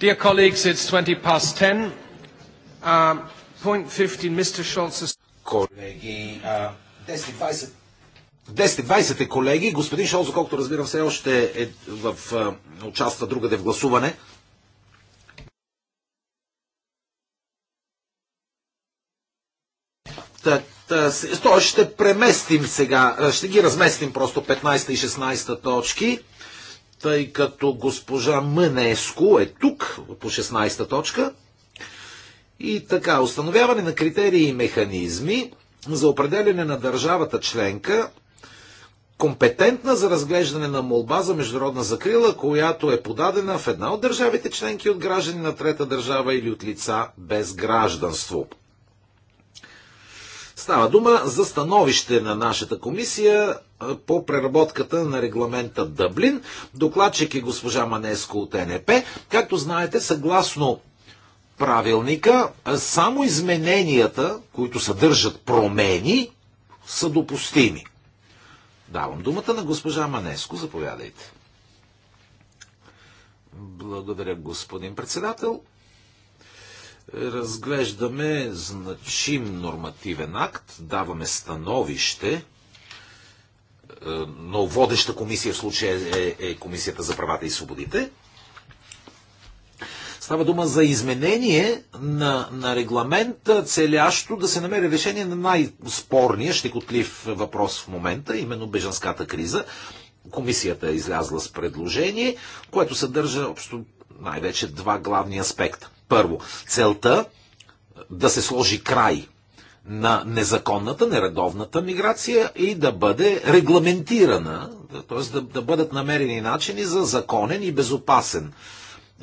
Dear colleagues, it's 20 past 10. Uh, point 15, Mr. Scholz. Колеги, 10.20 е колеги. Господин Шолзо, колкото разбирам, все още е в, участва другаде в гласуване. Тоест ще преместим сега, ще ги разместим просто 15 и 16 точки тъй като госпожа Мънеско е тук по 16-та точка. И така, установяване на критерии и механизми за определене на държавата членка, компетентна за разглеждане на молба за международна закрила, която е подадена в една от държавите членки от граждани на трета държава или от лица без гражданство. Става дума за становище на нашата комисия по преработката на регламента Дъблин. Докладчик е госпожа Манеско от НП. Както знаете, съгласно правилника, само измененията, които съдържат промени, са допустими. Давам думата на госпожа Манеско. Заповядайте. Благодаря, господин председател. Разглеждаме значим нормативен акт, даваме становище но водеща комисия в случая е, е Комисията за правата и свободите. Става дума за изменение на, на регламент, целящо да се намери решение на най-спорния, щекотлив въпрос в момента, именно бежанската криза. Комисията е излязла с предложение, което съдържа общо най-вече два главни аспекта. Първо, целта да се сложи край на незаконната, нередовната миграция и да бъде регламентирана, т.е. Да, да бъдат намерени начини за законен и безопасен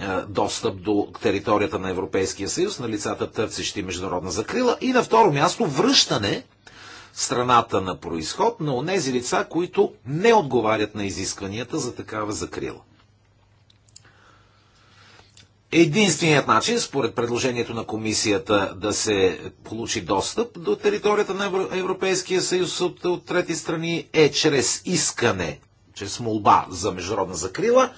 е, достъп до територията на Европейския съюз на лицата търсещи международна закрила и на второ място връщане страната на происход на онези лица, които не отговарят на изискванията за такава закрила единственият начин, според предложението на комисията, да се получи достъп до територията на Европейския съюз от, от трети страни е чрез искане, чрез молба за международна закрила.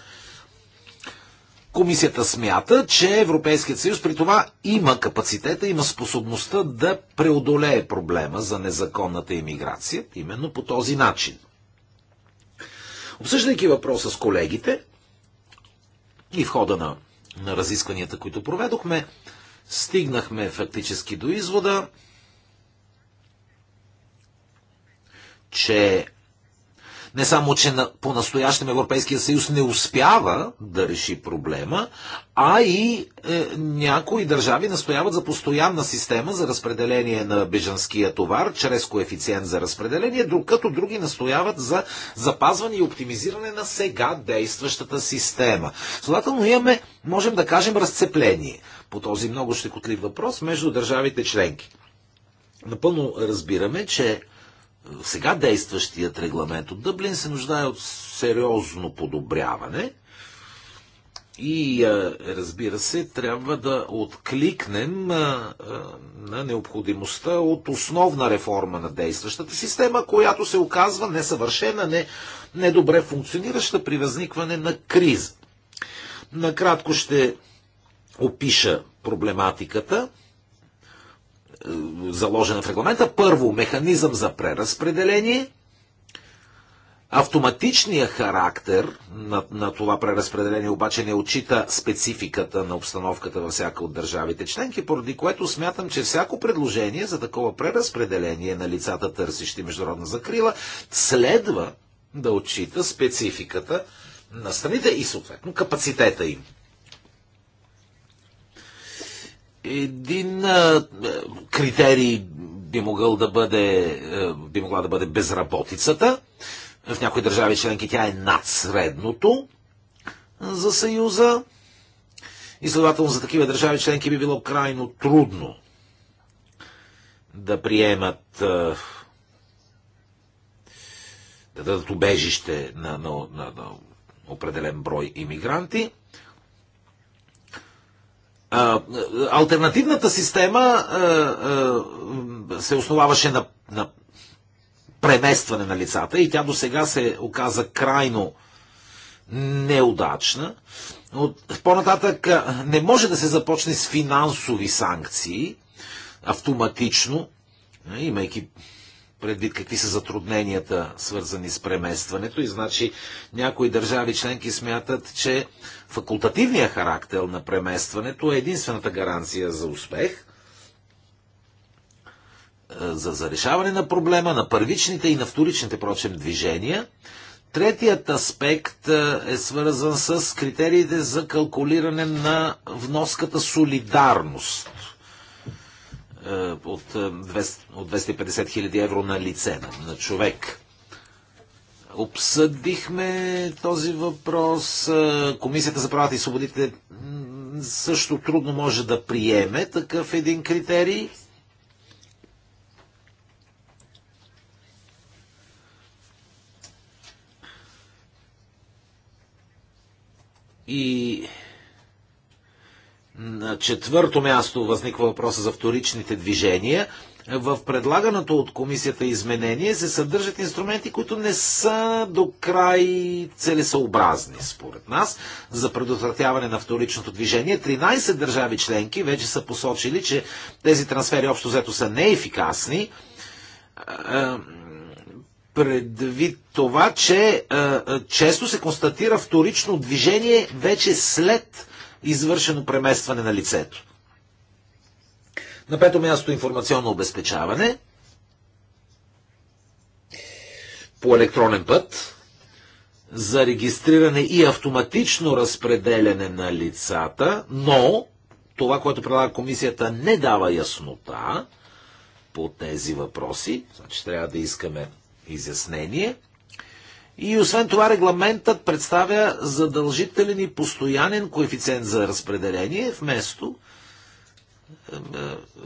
Комисията смята, че Европейският съюз при това има капацитета, има способността да преодолее проблема за незаконната иммиграция, именно по този начин. Обсъждайки въпроса с колегите и в хода на на разискванията, които проведохме, стигнахме фактически до извода, че не само, че по-настоящем Европейския съюз не успява да реши проблема, а и е, някои държави настояват за постоянна система за разпределение на бежанския товар чрез коефициент за разпределение, докато други настояват за запазване и оптимизиране на сега действащата система. Следователно имаме, можем да кажем, разцепление по този много щекотлив въпрос между държавите членки. Напълно разбираме, че сега действащият регламент от Дъблин се нуждае от сериозно подобряване и разбира се, трябва да откликнем на необходимостта от основна реформа на действащата система, която се оказва несъвършена, не, недобре функционираща при възникване на криза. Накратко ще опиша проблематиката – заложена в регламента. Първо, механизъм за преразпределение. Автоматичният характер на, на това преразпределение обаче не отчита спецификата на обстановката във всяка от държавите членки, поради което смятам, че всяко предложение за такова преразпределение на лицата, търсещи международна закрила, следва да отчита спецификата на страните и съответно капацитета им. Един а, е, критерий би, могъл да бъде, е, би могла да бъде безработицата. В някои държави членки тя е над средното за Съюза. И следователно за такива държави членки би било крайно трудно да приемат е, да дадат убежище на, на, на, на определен брой иммигранти. Альтернативната система се основаваше на, на преместване на лицата и тя до сега се оказа крайно неудачна. От, по-нататък не може да се започне с финансови санкции автоматично, имайки предвид какви са затрудненията, свързани с преместването. И значи някои държави членки смятат, че факултативният характер на преместването е единствената гаранция за успех, е, за, за решаване на проблема на първичните и на вторичните, прочем, движения. Третият аспект е, е свързан с критериите за калкулиране на вноската солидарност е, от 250 е, хиляди евро на лице, на човек. Обсъдихме този въпрос. Е, Комисията за правата и свободите също трудно може да приеме такъв един критерий. И на четвърто място възниква въпроса за вторичните движения. В предлаганото от комисията изменение се съдържат инструменти, които не са до край целесообразни, според нас. За предотвратяване на вторичното движение 13 държави членки вече са посочили, че тези трансфери общо взето са неефикасни е, е, предвид това, че е, често се констатира вторично движение вече след извършено преместване на лицето. На пето място информационно обезпечаване по електронен път за регистриране и автоматично разпределяне на лицата, но това, което предлага комисията, не дава яснота по тези въпроси. Значи трябва да искаме изяснение. И освен това регламентът представя задължителен и постоянен коефициент за разпределение вместо е, е,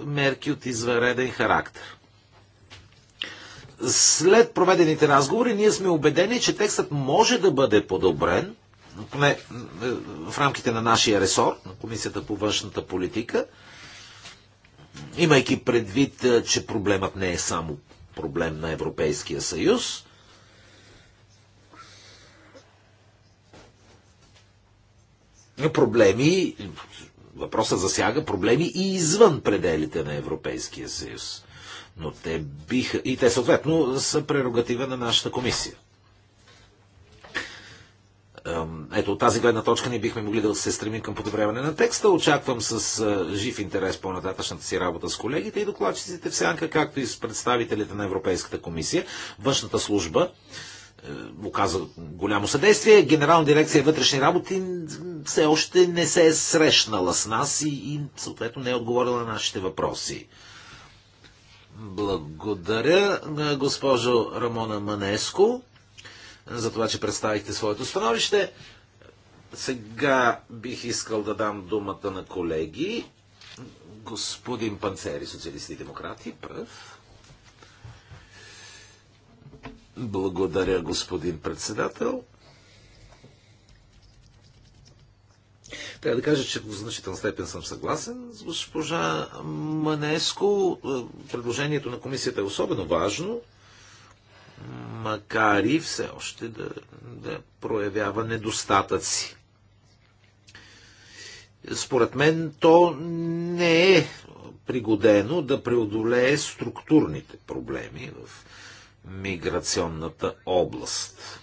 мерки от извънреден характер. След проведените разговори ние сме убедени, че текстът може да бъде подобрен поне е, в рамките на нашия ресор, на Комисията по външната политика, имайки предвид, че проблемът не е само проблем на Европейския съюз, проблеми, въпроса засяга проблеми и извън пределите на Европейския съюз. Но те биха, и те съответно са прерогатива на нашата комисия. Ето, от тази гледна точка ние бихме могли да се стремим към подобряване на текста. Очаквам с жив интерес по-нататъчната си работа с колегите и докладчиците в сянка, както и с представителите на Европейската комисия, външната служба. Е, оказа голямо съдействие. Генерална дирекция вътрешни работи все още не се е срещнала с нас и, и съответно не е отговорила на нашите въпроси. Благодаря, е, госпожо Рамона Манеско, за това, че представихте своето становище. Сега бих искал да дам думата на колеги. Господин Панцери, социалисти и демократи, пръв. Благодаря, господин председател. Трябва да кажа, че в значителна степен съм съгласен с госпожа Манеско. Предложението на комисията е особено важно, макар и все още да, да проявява недостатъци. Според мен то не е пригодено да преодолее структурните проблеми в миграционната област.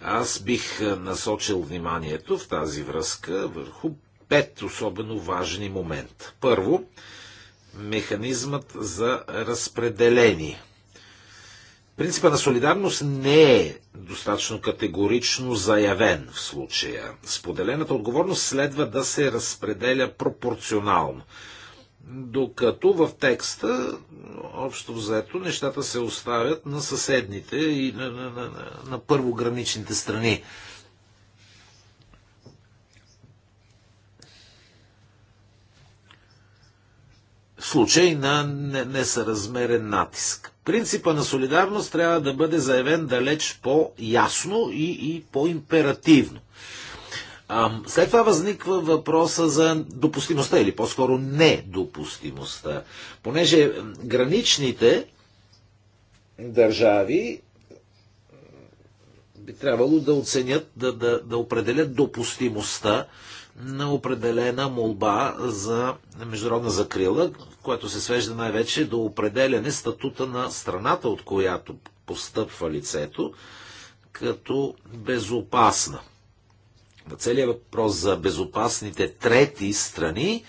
Аз бих насочил вниманието в тази връзка върху пет особено важни момента. Първо, механизмът за разпределение. Принципа на солидарност не е достатъчно категорично заявен в случая. Споделената отговорност следва да се разпределя пропорционално. Докато в текста, общо взето, нещата се оставят на съседните и на, на, на, на първограничните страни. В случай на несъразмерен натиск. Принципа на солидарност трябва да бъде заявен далеч по-ясно и, и по-императивно. След това възниква въпроса за допустимостта или по-скоро недопустимостта. Понеже граничните държави би трябвало да оценят, да, да, да определят допустимостта на определена молба за международна закрила, което се свежда най-вече до определяне статута на страната, от която постъпва лицето, като безопасна целият въпрос за безопасните трети страни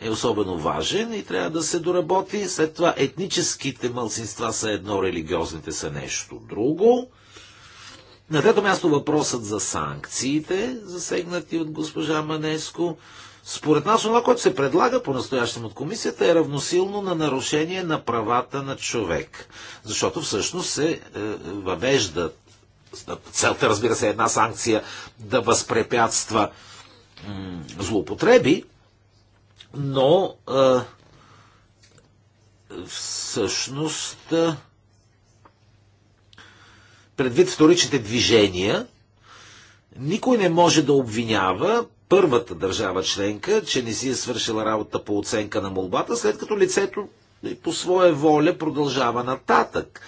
е особено важен и трябва да се доработи. След това етническите мълцинства са едно, религиозните са нещо друго. На трето място въпросът за санкциите, засегнати от госпожа Манеско. Според нас, това, което се предлага по-настоящем от комисията е равносилно на нарушение на правата на човек. Защото всъщност се е, въвеждат целта, разбира се, е една санкция да възпрепятства злоупотреби, но а, всъщност а, предвид вторичните движения, никой не може да обвинява първата държава членка, че не си е свършила работа по оценка на молбата, след като лицето по своя воля продължава нататък.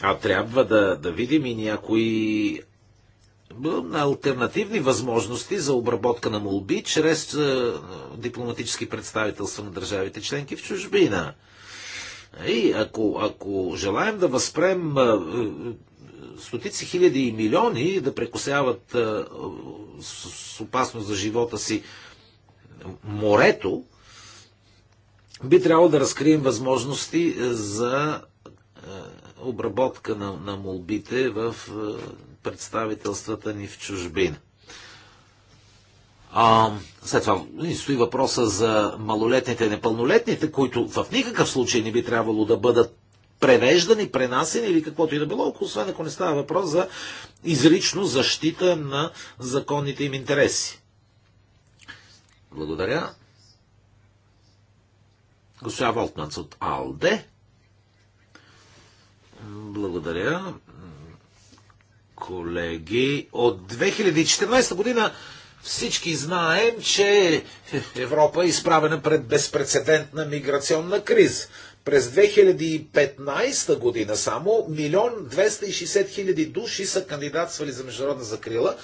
А трябва да, да видим и някои альтернативни възможности за обработка на молби чрез е, дипломатически представителства на държавите членки в чужбина. И ако, ако желаем да възпрем е, е, стотици хиляди и милиони да прекосяват с опасност за живота си морето, би трябвало да разкрием възможности за обработка на, на молбите в е, представителствата ни в чужбина. А, след това стои въпроса за малолетните и непълнолетните, които в никакъв случай не би трябвало да бъдат превеждани, пренасени или каквото и да било, освен ако не става въпрос за изрично защита на законните им интереси. Благодаря. Госпожа Волтманц от АЛДЕ. Благодаря. Колеги, от 2014 година всички знаем, че Европа е изправена пред безпредседентна миграционна криза. През 2015 година само 1 260 хиляди души са кандидатствали за международна закрила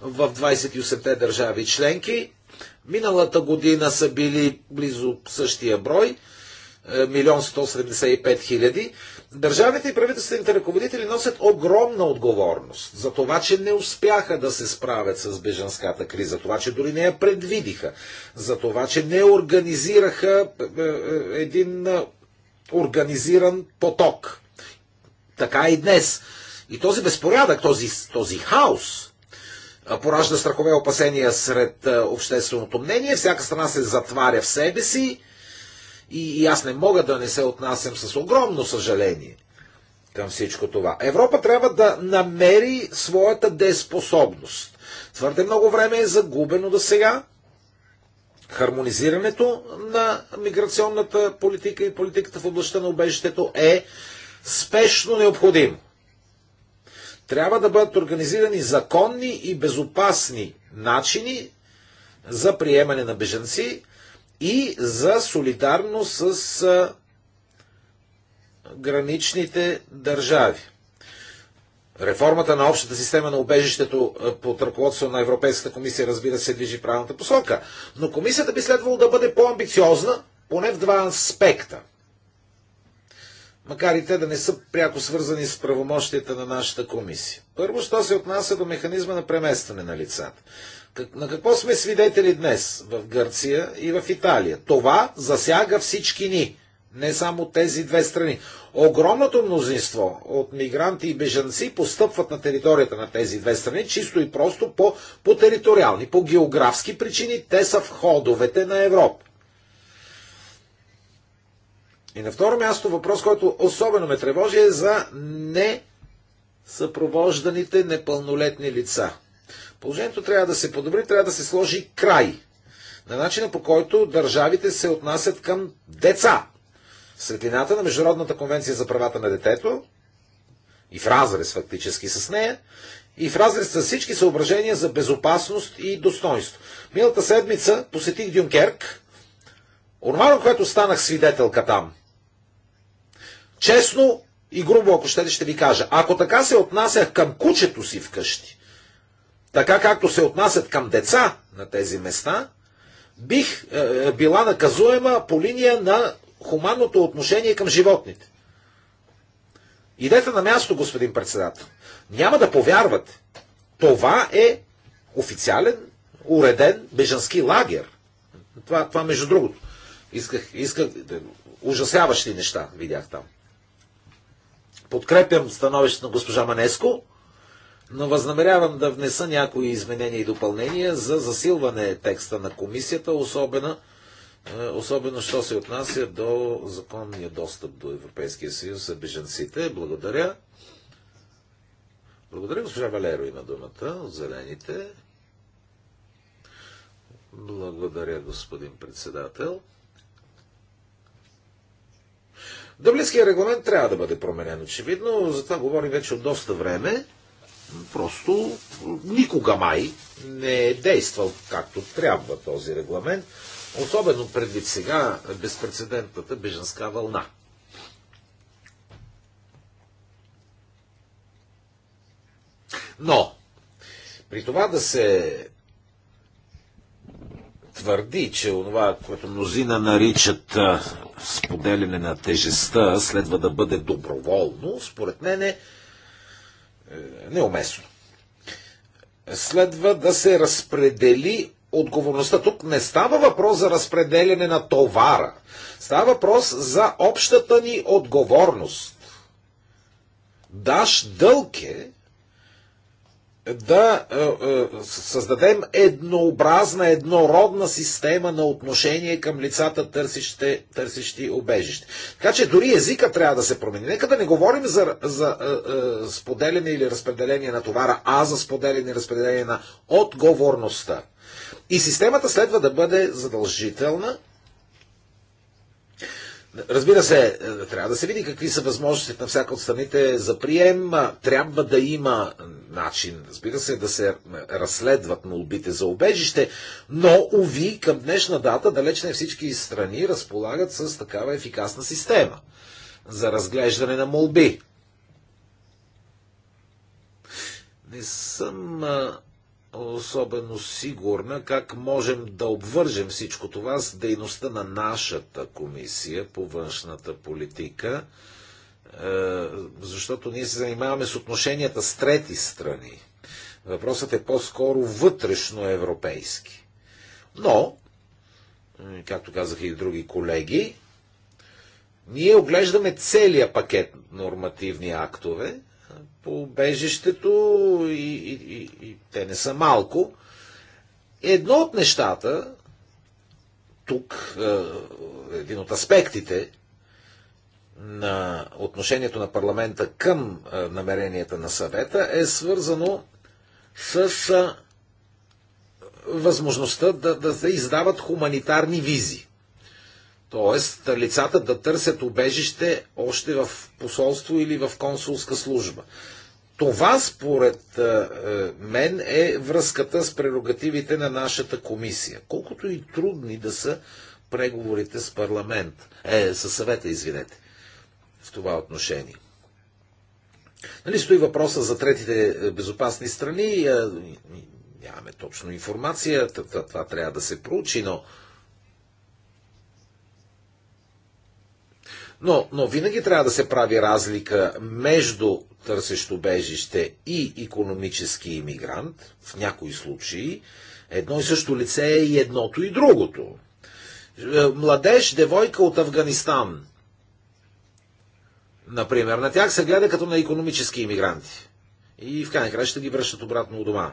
в 28-те държави членки. Миналата година са били близо същия брой, 1 е, 175 хиляди. Държавите и правителствените ръководители носят огромна отговорност за това, че не успяха да се справят с бежанската криза, това, че дори не я предвидиха, за това, че не организираха е, е, е, един организиран поток. Така и днес. И този безпорядък, този, този хаос, поражда страхове опасения сред общественото мнение. Всяка страна се затваря в себе си и, и аз не мога да не се отнасям с огромно съжаление към всичко това. Европа трябва да намери своята деспособност. Твърде много време е загубено до сега. Хармонизирането на миграционната политика и политиката в областта на убежището е спешно необходимо. Трябва да бъдат организирани законни и безопасни начини за приемане на беженци, и за солидарно с граничните държави. Реформата на общата система на убежището под ръководство на Европейската комисия, разбира се, движи правилната посока. Но комисията би следвало да бъде по-амбициозна, поне в два аспекта. Макар и те да не са пряко свързани с правомощията на нашата комисия. Първо, що се отнася до механизма на преместване на лицата. На какво сме свидетели днес в Гърция и в Италия? Това засяга всички ни, не само тези две страни. Огромното мнозинство от мигранти и бежанци постъпват на територията на тези две страни, чисто и просто по, по териториални, по географски причини. Те са в ходовете на Европа. И на второ място въпрос, който особено ме тревожи е за несъпровожданите непълнолетни лица. Положението трябва да се подобри, трябва да се сложи край на начина по който държавите се отнасят към деца. Светлината на Международната конвенция за правата на детето и в разрез фактически с нея, и в разрез с всички съображения за безопасност и достоинство. Миналата седмица посетих Дюнкерк. Нормално, което станах свидетелка там. Честно и грубо, ако ще, ще ви кажа. Ако така се отнасях към кучето си вкъщи, така както се отнасят към деца на тези места, бих е, е, била наказуема по линия на хуманното отношение към животните. Идете на място, господин председател. Няма да повярват. Това е официален, уреден бежански лагер. Това, това между другото. Исках, исках, ужасяващи неща видях там. Подкрепям становището на госпожа Манеско но възнамерявам да внеса някои изменения и допълнения за засилване текста на комисията, особено, е, особено що се отнася до законния достъп до Европейския съюз за беженците. Благодаря. Благодаря, госпожа Валеро има думата от Зелените. Благодаря, господин председател. Дъблинския регламент трябва да бъде променен, очевидно. За това говорим вече от доста време. Просто никога май не е действал както трябва този регламент, особено предвид сега безпредседентната беженска вълна. Но, при това да се твърди, че онова, което мнозина наричат споделяне на тежестта, следва да бъде доброволно, според мен е е, неуместно. Следва да се разпредели отговорността. Тук не става въпрос за разпределяне на товара. Става въпрос за общата ни отговорност. Даш дълг е да е, е, създадем еднообразна, еднородна система на отношение към лицата, търсещи, търсещи обежище. Така че дори езика трябва да се промени. Нека да не говорим за, за е, е, споделяне или разпределение на товара, а за споделяне и разпределение на отговорността. И системата следва да бъде задължителна, Разбира се, е, трябва да се види какви са възможностите на всяка от страните за прием. Трябва да има начин, разбира се, да се е, разследват молбите за убежище, но, уви, към днешна дата далеч не всички страни разполагат с такава ефикасна система за разглеждане на молби. Не съм особено сигурна как можем да обвържем всичко това с дейността на нашата комисия по външната политика, е, защото ние се занимаваме с отношенията с трети страни. Въпросът е по-скоро вътрешно европейски. Но, както казаха и други колеги, ние оглеждаме целия пакет нормативни актове, по убежището и, и, и, и те не са малко. Едно от нещата, тук е, един от аспектите на отношението на парламента към е, намеренията на съвета е свързано с е, възможността да, да се издават хуманитарни визи. Тоест, лицата да търсят убежище още в посолство или в консулска служба. Това, според е, е, мен, е връзката с прерогативите на нашата комисия. Колкото и трудни да са преговорите с парламент, е, със съвета, извинете, в това отношение. Нали, стои въпроса за третите е, безопасни страни. Нямаме точно информация, това трябва да се проучи, но Но, но винаги трябва да се прави разлика между търсещо бежище и економически иммигрант, в някои случаи. Едно и също лице е и едното и другото. Е, младеж, девойка от Афганистан, например, на тях се гледа като на економически иммигранти. И в крайна края ще ги връщат обратно у дома.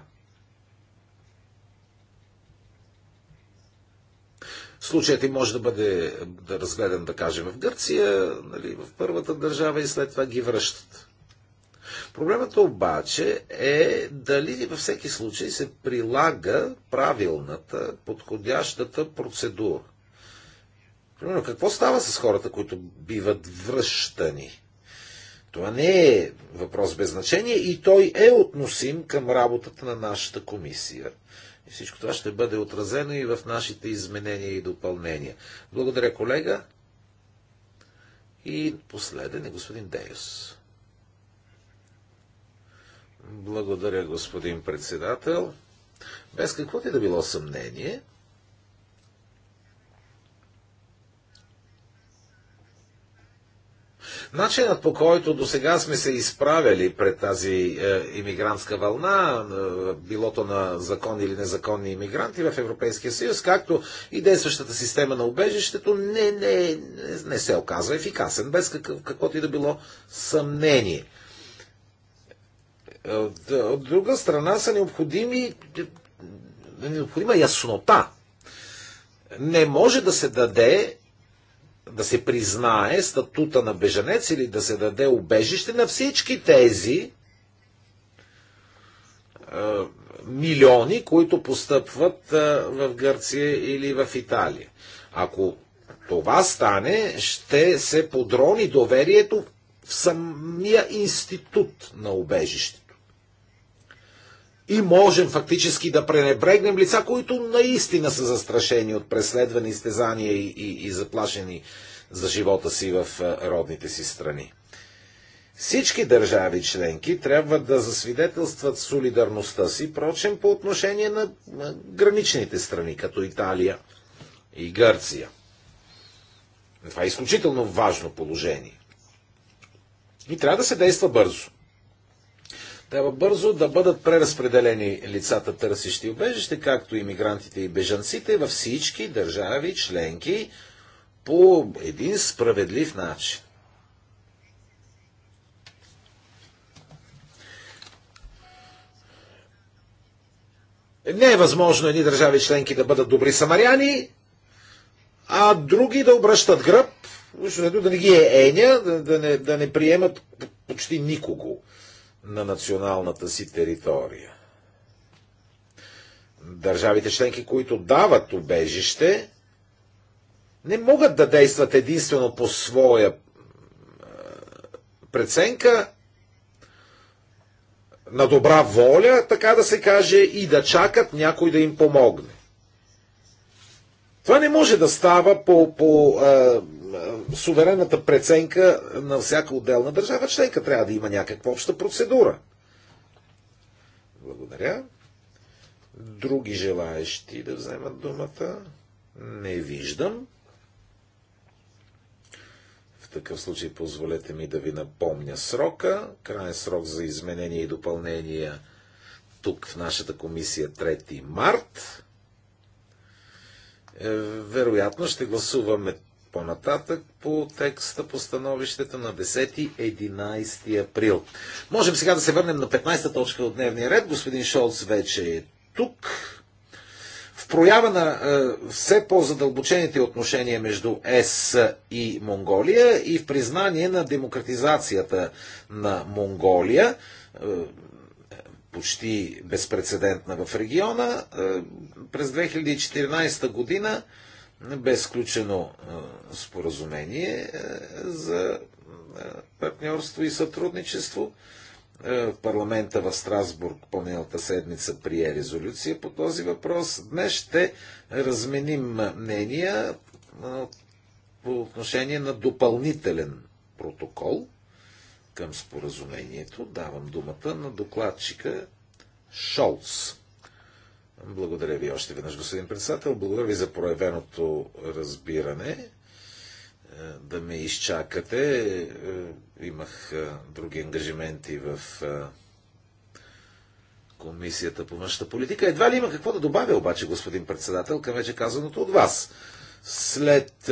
Случаят им може да бъде да разгледан, да кажем, в Гърция, нали, в първата държава и след това ги връщат. Проблемът обаче е дали във всеки случай се прилага правилната, подходящата процедура. Примерно, какво става с хората, които биват връщани? Това не е въпрос без значение и той е относим към работата на нашата комисия. И всичко това ще бъде отразено и в нашите изменения и допълнения. Благодаря, колега. И последен е господин Деюс. Благодаря, господин председател. Без каквото и да било съмнение, Начинът по който до сега сме се изправили пред тази е, иммигрантска вълна, е, билото на законни или незаконни иммигранти в Европейския съюз, както и действащата система на убежището, не, не, не се оказва ефикасен, без какъв, каквото и да било съмнение. Е, от друга страна са необходими необходима яснота. Не може да се даде да се признае статута на беженец или да се даде убежище на всички тези е, милиони, които постъпват е, в Гърция или в Италия. Ако това стане, ще се подрони доверието в самия институт на убежище и можем фактически да пренебрегнем лица, които наистина са застрашени от преследвани, изтезания и, и, и заплашени за живота си в родните си страни. Всички държави членки трябва да засвидетелстват солидарността си, прочен по отношение на граничните страни, като Италия и Гърция. Това е изключително важно положение. И трябва да се действа бързо. Трябва бързо да бъдат преразпределени лицата търсещи убежище, както и мигрантите и бежанците във всички държави членки по един справедлив начин. Не е възможно едни държави членки да бъдат добри самаряни, а други да обръщат гръб, да не ги е еня, да не, да не приемат почти никого на националната си територия. Държавите членки, които дават убежище, не могат да действат единствено по своя е, преценка на добра воля, така да се каже, и да чакат някой да им помогне. Това не може да става по, по е, е, суверенната преценка на всяка отделна държава членка. Трябва да има някаква обща процедура. Благодаря. Други желаещи да вземат думата? Не виждам. В такъв случай позволете ми да ви напомня срока. Крайен срок за изменение и допълнение тук в нашата комисия 3 е март. Е, вероятно ще гласуваме по-нататък по текста, по становището на 10-11 април. Можем сега да се върнем на 15-та точка от дневния ред. Господин Шолц вече е тук. В проява на е, все по-задълбочените отношения между ЕС и Монголия и в признание на демократизацията на Монголия, е, почти безпредседентна в региона, е, през 2014 година бе сключено споразумение за партньорство и сътрудничество. Парламента в Страсбург по-миналата седмица прие резолюция по този въпрос. Днес ще разменим мнения по отношение на допълнителен протокол към споразумението. Давам думата на докладчика Шолц. Благодаря ви още веднъж, господин председател. Благодаря ви за проявеното разбиране е, да ме изчакате. Е, имах е, други ангажименти в Комисията по външната политика. Едва ли има какво да добавя обаче, господин председател, към вече казаното от вас. След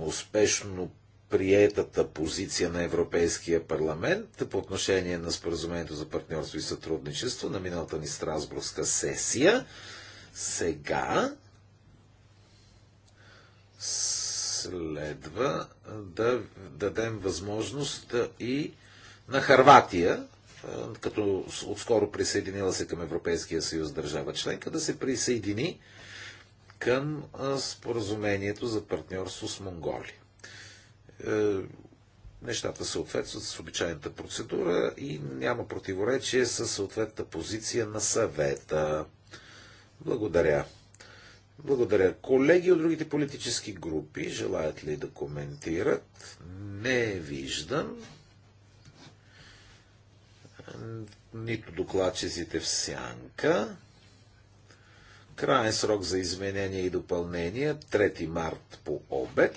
успешно приетата позиция на Европейския парламент по отношение на споразумението за партньорство и сътрудничество на миналата ни Страсбургска сесия. Сега следва да дадем възможност и на Харватия, като отскоро присъединила се към Европейския съюз държава членка, да се присъедини към споразумението за партньорство с Монголия. Е, нещата съответстват с обичайната процедура и няма противоречие с съответната позиция на съвета. Благодаря. Благодаря. Колеги от другите политически групи желаят ли да коментират? Не виждам. Нито докладчиците в сянка. Крайен срок за изменения и допълнения 3 март по обед.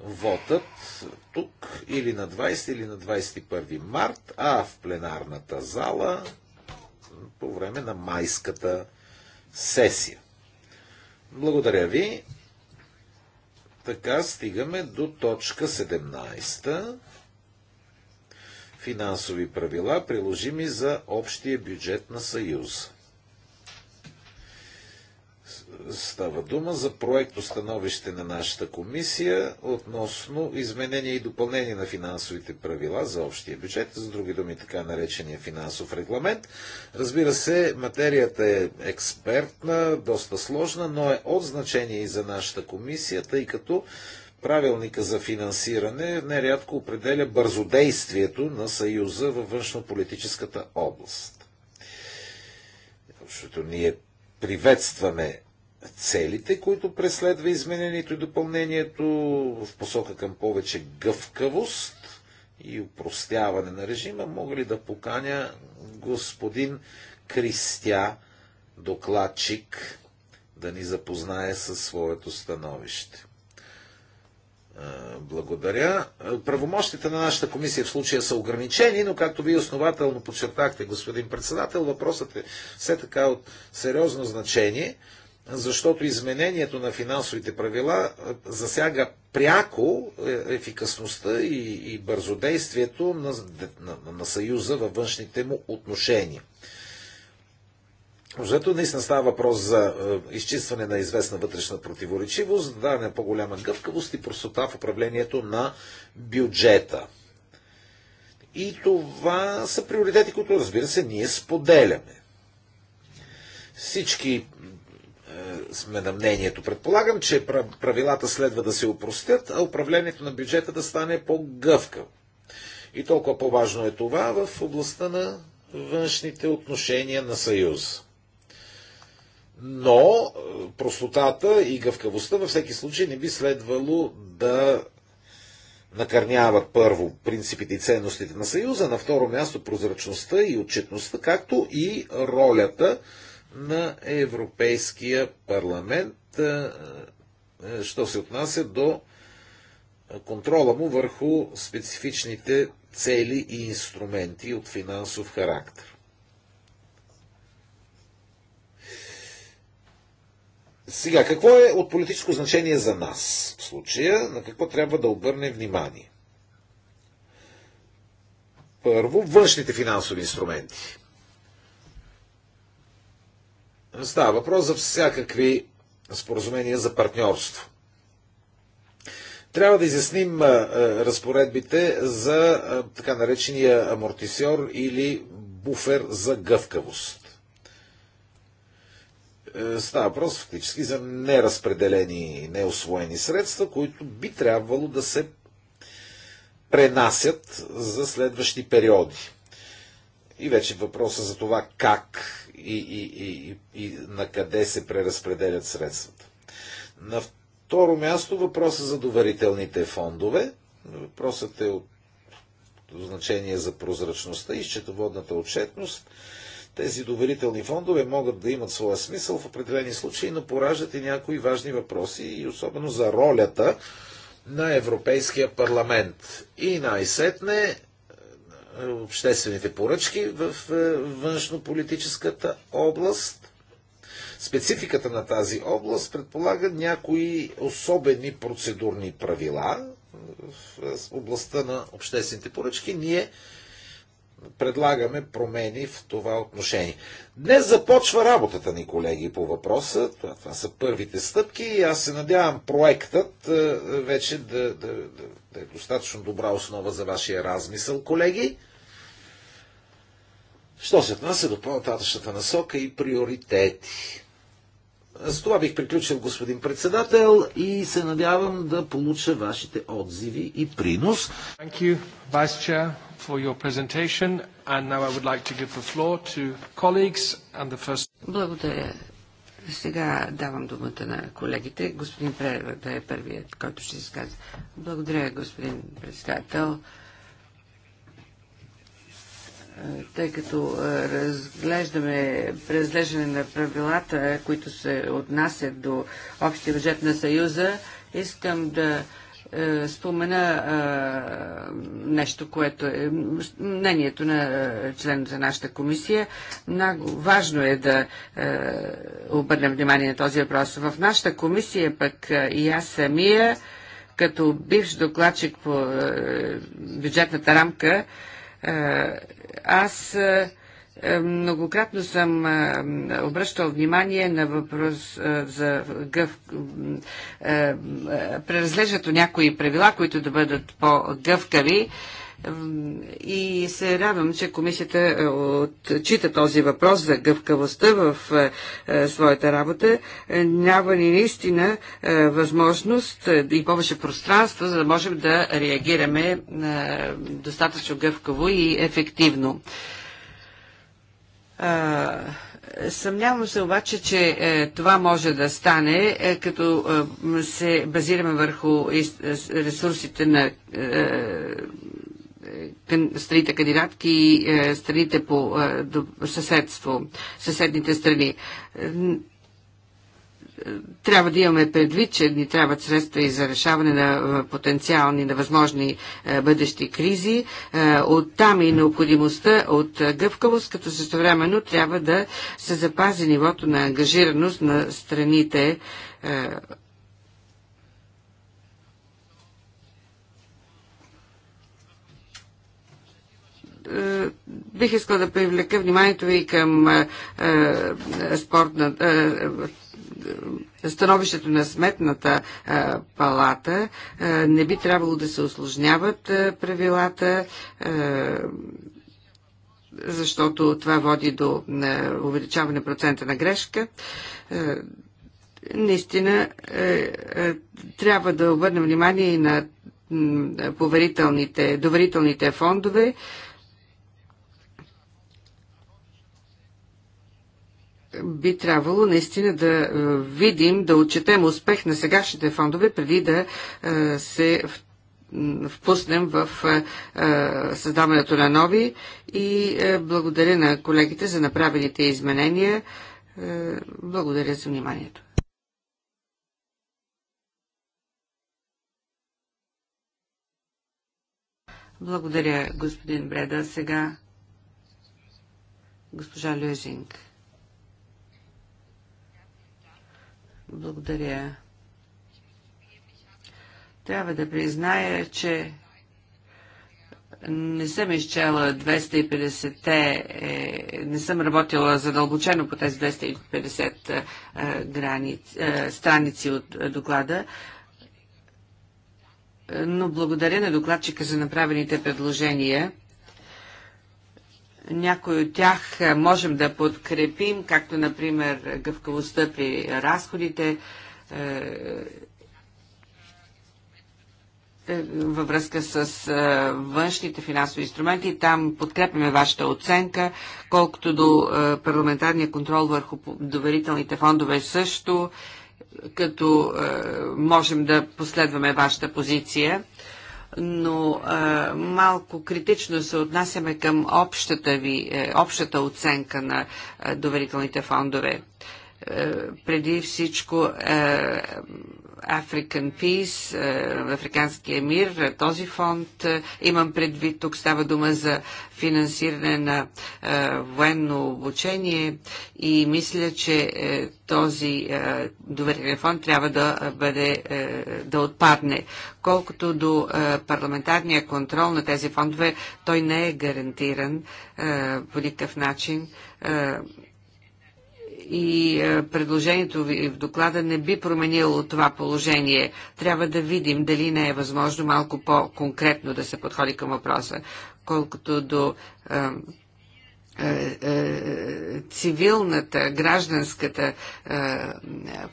Вотът тук или на 20 или на 21 март, а в пленарната зала по време на майската сесия. Благодаря ви. Така стигаме до точка 17. Финансови правила, приложими за общия бюджет на Съюза. Става дума за проекто становище на нашата комисия относно изменение и допълнение на финансовите правила за общия бюджет, за други думи така наречения финансов регламент. Разбира се, материята е експертна, доста сложна, но е от значение и за нашата комисия, тъй като правилника за финансиране нерядко определя бързодействието на Съюза във външнополитическата област. Защото ние приветстваме целите, които преследва изменението и допълнението в посока към повече гъвкавост и упростяване на режима, мога ли да поканя господин Кристя, докладчик, да ни запознае със своето становище. Благодаря. Правомощите на нашата комисия в случая са ограничени, но както вие основателно подчертахте, господин председател, въпросът е все така от сериозно значение, защото изменението на финансовите правила засяга пряко е, ефикасността и, и бързодействието на, на, на Съюза във външните му отношения. Защото наистина става въпрос за е, изчистване на известна вътрешна противоречивост, даване на по-голяма гъвкавост и простота в управлението на бюджета. И това са приоритети, които, разбира се, ние споделяме. Всички сме на мнението. Предполагам, че правилата следва да се упростят, а управлението на бюджета да стане по-гъвкаво. И толкова по-важно е това в областта на външните отношения на Съюз. Но е, простотата и гъвкавостта във всеки случай не би следвало да накърняват първо принципите и ценностите на Съюза, на второ място прозрачността и отчетността, както и ролята на Европейския парламент, що се отнася до контрола му върху специфичните цели и инструменти от финансов характер. Сега, какво е от политическо значение за нас в случая? На какво трябва да обърне внимание? Първо, външните финансови инструменти. Става въпрос за всякакви споразумения за партньорство. Трябва да изясним разпоредбите за така наречения амортисьор или буфер за гъвкавост. Е, става въпрос фактически за неразпределени и неосвоени средства, които би трябвало да се пренасят за следващи периоди. И вече въпроса за това как и, и, и, и на къде се преразпределят средствата. На второ място въпроса за доверителните фондове. Въпросът е от значение за прозрачността и счетоводната отчетност. Тези доверителни фондове могат да имат своя смисъл в определени случаи, но пораждат и някои важни въпроси, и особено за ролята на Европейския парламент. И най-сетне обществените поръчки в е, външнополитическата област. Спецификата на тази област предполага някои особени процедурни правила в е, областта на обществените поръчки. Ние предлагаме промени в това отношение. Днес започва работата ни, колеги, по въпроса. Това, това са първите стъпки и аз се надявам проектът е, вече да, да, да, да е достатъчно добра основа за вашия размисъл, колеги. Що се отнася до по-нататъчната насока и приоритети? С това бих приключил, господин председател, и се надявам да получа вашите отзиви и принос. Thank you, Vice Chair, for your presentation. And now I would like to give the floor to colleagues and the first... Благодаря. Сега давам думата на колегите. Господин Прева да е първият, който ще се казва, Благодаря, господин председател тъй като разглеждаме преразглеждане на правилата, които се отнасят до общия бюджет на Съюза, искам да спомена нещо, което е мнението на член на нашата комисия. Много важно е да обърнем внимание на този въпрос. В нашата комисия пък и аз самия, като бивш докладчик по бюджетната рамка, аз е, е, многократно съм е, обръщал внимание на въпрос за гъв... преразлежато някои правила, които да бъдат по-гъвкави и се радвам, че комисията е, отчита този въпрос за гъвкавостта в е, е, своята работа. Няма ли наистина възможност и повече пространство, за да можем да реагираме достатъчно гъвкаво и ефективно. Съмнявам се обаче, че това може да стане, като се базираме върху ресурсите на страните кандидатки и е, страните по е, съседство, съседните страни. Трябва да имаме предвид, че ни трябват средства и за решаване на е, потенциални, на възможни бъдещи кризи. Оттам и необходимостта от гъвкавост, като същевременно трябва да се запази нивото на ангажираност на страните Е, бих искал да привлека вниманието ви към е, е спортна, е, е, становището на сметната палата. не би трябвало да се осложняват правилата защото това води до увеличаване процента на грешка. Наистина трябва да обърнем внимание и на поверителните, доверителните фондове. би трябвало наистина да е, видим, да отчетем успех на сегашните фондове, преди да е, се впуснем в е, създаването на нови и благодаря на колегите за направените изменения. Благодаря за вниманието. Благодаря, господин Бреда. Сега госпожа Люзинг. Благодаря. Трябва да призная, че не съм изчела 250-те, е, не съм работила задълбочено по тези 250 е, граници, е, страници от доклада, но благодаря на докладчика за направените предложения. Някои от тях е, можем да подкрепим, както например гъвкавостта при разходите е, е, във връзка с външните финансови инструменти. Там подкрепяме вашата оценка, колкото до парламентарния контрол върху доверителните фондове също, като можем да последваме вашата позиция но а, малко критично се отнасяме към общата ви, е, общата оценка на е, доверителните фондове е, преди всичко African Peace, е, Африканския мир, е, този фонд. Е, имам предвид, тук става дума за финансиране на военно обучение и мисля, че този доверителен фонд трябва да бъде, да отпадне. Колкото до парламентарния контрол на тези фондове, той не е гарантиран по никакъв начин и е, предложението ви в доклада не би променило това положение. Трябва да видим дали не е възможно малко по-конкретно да се подходи към въпроса. Колкото до е, е, е, цивилната, гражданската е,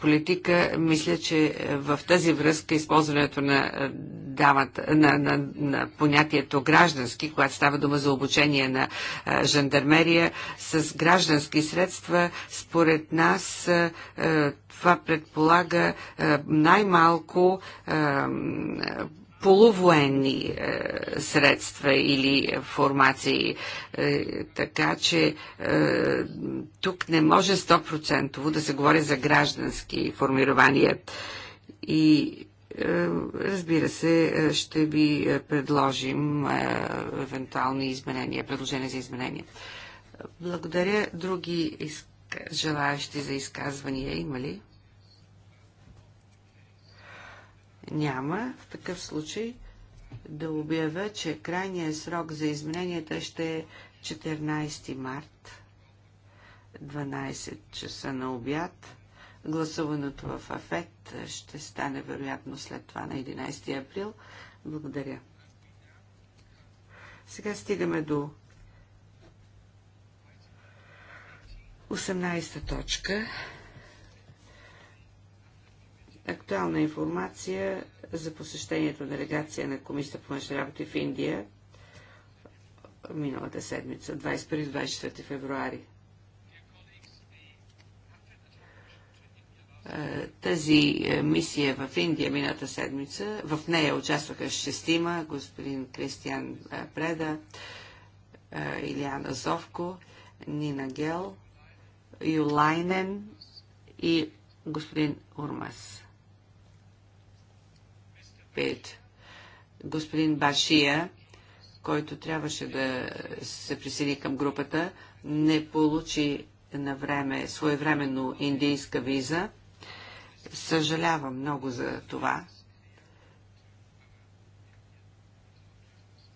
политика, мисля, че в тази връзка използването на, дамата, на, на, на понятието граждански, когато става дума за обучение на жандармерия, с граждански средства, според нас това предполага най-малко полувоенни е, средства или формации. Е, така че е, тук не може 100% да се говори за граждански формирования. И е, разбира се, е, ще ви е, предложим евентуални изменения, предложения за изменения. Благодаря. Други желаещи желаящи за изказвания има ли? Няма. В такъв случай да обявя, че крайният срок за измененията ще е 14 март, 12 часа на обяд. Гласуването в АФЕТ ще стане вероятно след това на 11 април. Благодаря. Сега стигаме до 18 точка актуална информация за посещението на делегация на Комисията по външни работи в Индия миналата седмица, 21-24 февруари. Е, тази е, мисия в Индия миналата седмица, в нея участваха шестима, господин Кристиан е, Преда, Илиана Зовко, Нина Гел, Юлайнен и господин Урмас пеят Господин Башия, който трябваше да се присъедини към групата, не получи на време, своевременно индийска виза. Съжалявам много за това.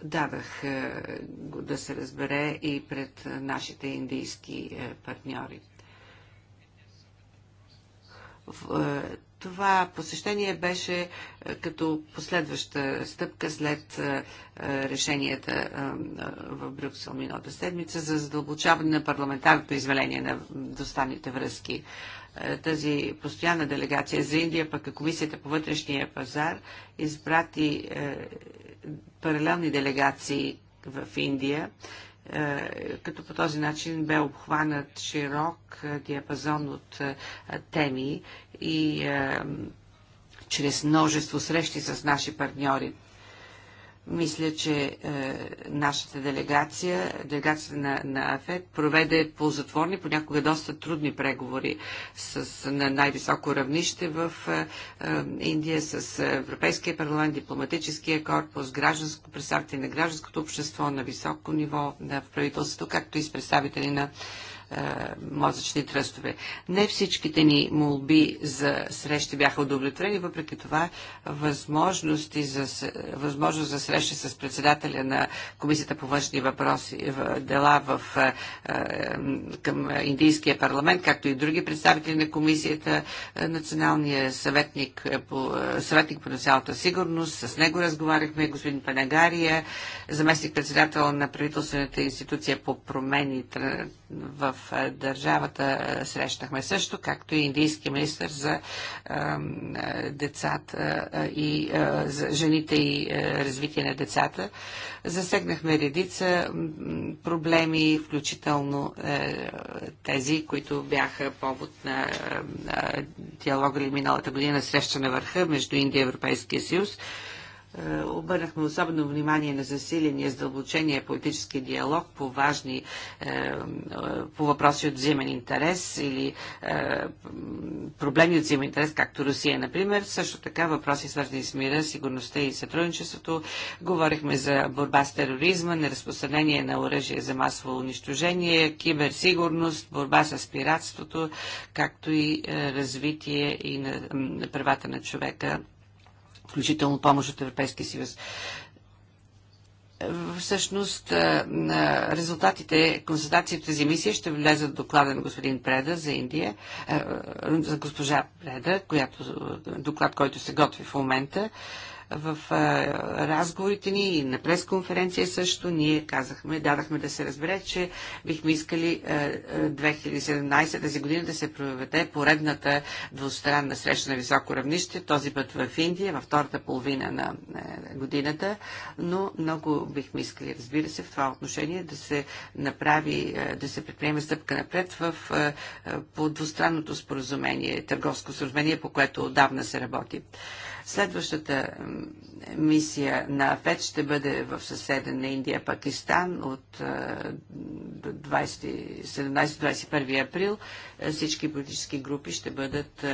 Дадах е, го да се разбере и пред нашите индийски е, партньори. Е, това посещение беше е, като последваща стъпка след е, е, решенията в Брюксел миналата седмица за задълбочаване на парламентарното изваление на достаните връзки. Тази постоянна делегация за Индия, пък и Комисията по вътрешния пазар, избрати паралелни делегации в Индия е, като по този начин бе обхванат широк е, диапазон от е, теми и чрез множество срещи с наши партньори. Мисля, че е, нашата делегация, делегацията на, на АФЕД, проведе ползатворни, понякога доста трудни преговори с, на най-високо равнище в е, е, Индия с е, Европейския парламент, дипломатическия корпус, гражданско, представители на гражданското общество на високо ниво на правителството, както и с представители на мозъчни тръстове. Не всичките ни молби за срещи бяха удовлетворени, въпреки това възможности за, възможност за среща с председателя на Комисията по външни въпроси, дела в, към Индийския парламент, както и други представители на комисията, националния съветник по, съветник по националната сигурност. С него разговаряхме господин Панагария, заместник председател на правителствената институция по промени в е, държавата е, срещнахме също, както и индийския министр за е, децата и за жените и развитие на децата. Засегнахме редица проблеми, включително тези, които бяха повод на диалога ли миналата година среща на върха между Индия и Европейския съюз. Е, обърнахме особено внимание на засиления, задълбочения политически диалог по важни, е, по въпроси от взимен интерес или е, проблеми от взимен интерес, както Русия, например. Също така въпроси свързани с мира, сигурността и сътрудничеството. Говорихме за борба с тероризма, неразпространение на оръжие за масово унищожение, киберсигурност, борба с пиратството, както и развитие и на правата на човека включително помощ от Европейския съюз. Всъщност, резултатите, констатациите за емисия ще влезат в доклада на господин Преда за Индия, за госпожа Преда, която, доклад, който се готви в момента. В разговорите ни и на пресконференция също ние казахме, дадахме да се разбере, че бихме искали 2017 тази година да се проведе поредната двустранна среща на високо равнище, този път в Индия, във втората половина на годината, но много бихме искали, разбира се, в това отношение да се направи, да се предприеме стъпка напред в, по двустранното споразумение, търговско споразумение, по което отдавна се работи. Следващата мисия на АФЕД ще бъде в съседен на Индия Пакистан от 17-21 април. Е, всички политически групи ще бъдат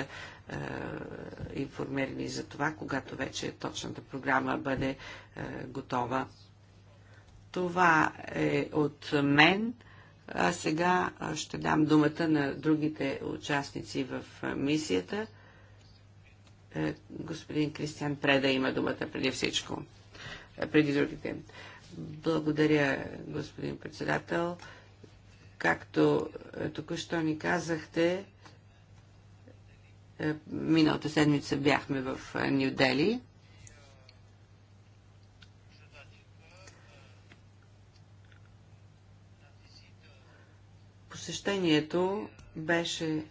информирани за това, когато вече точната програма бъде готова. Това е от мен. А сега ще дам думата на другите участници в мисията. Е, господин Кристиан Преда има думата преди всичко, е, преди другите. Благодаря, господин председател. Както е, току-що ни казахте, миналата седмица бяхме в Нью Дели. Посещението беше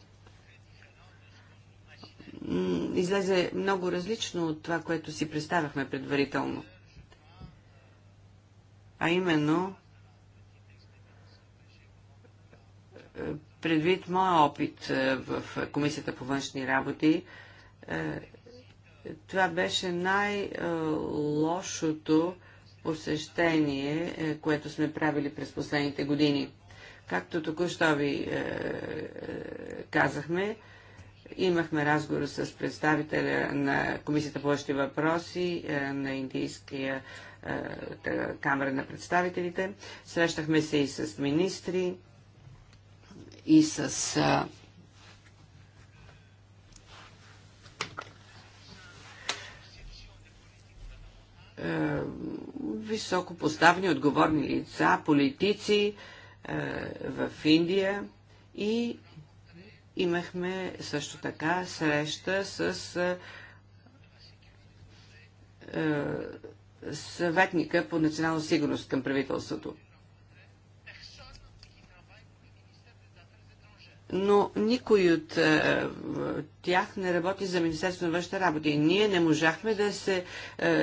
излезе много различно от това, което си представяхме предварително. А именно, е, предвид моя опит е, в Комисията по външни работи, е, това беше най-лошото посещение, което сме правили през последните години. Както току-що ви казахме, Имахме разговор с представителя на Комисията по външни въпроси е, на Индийския е, камера на представителите. Срещахме се и с министри, и с е, високо поставни, отговорни лица, политици в Индия и Имахме също така среща с е, е, съветника по национална сигурност към правителството. но никой от е, тях не работи за Министерство на външните работи. Ние не можахме да се е,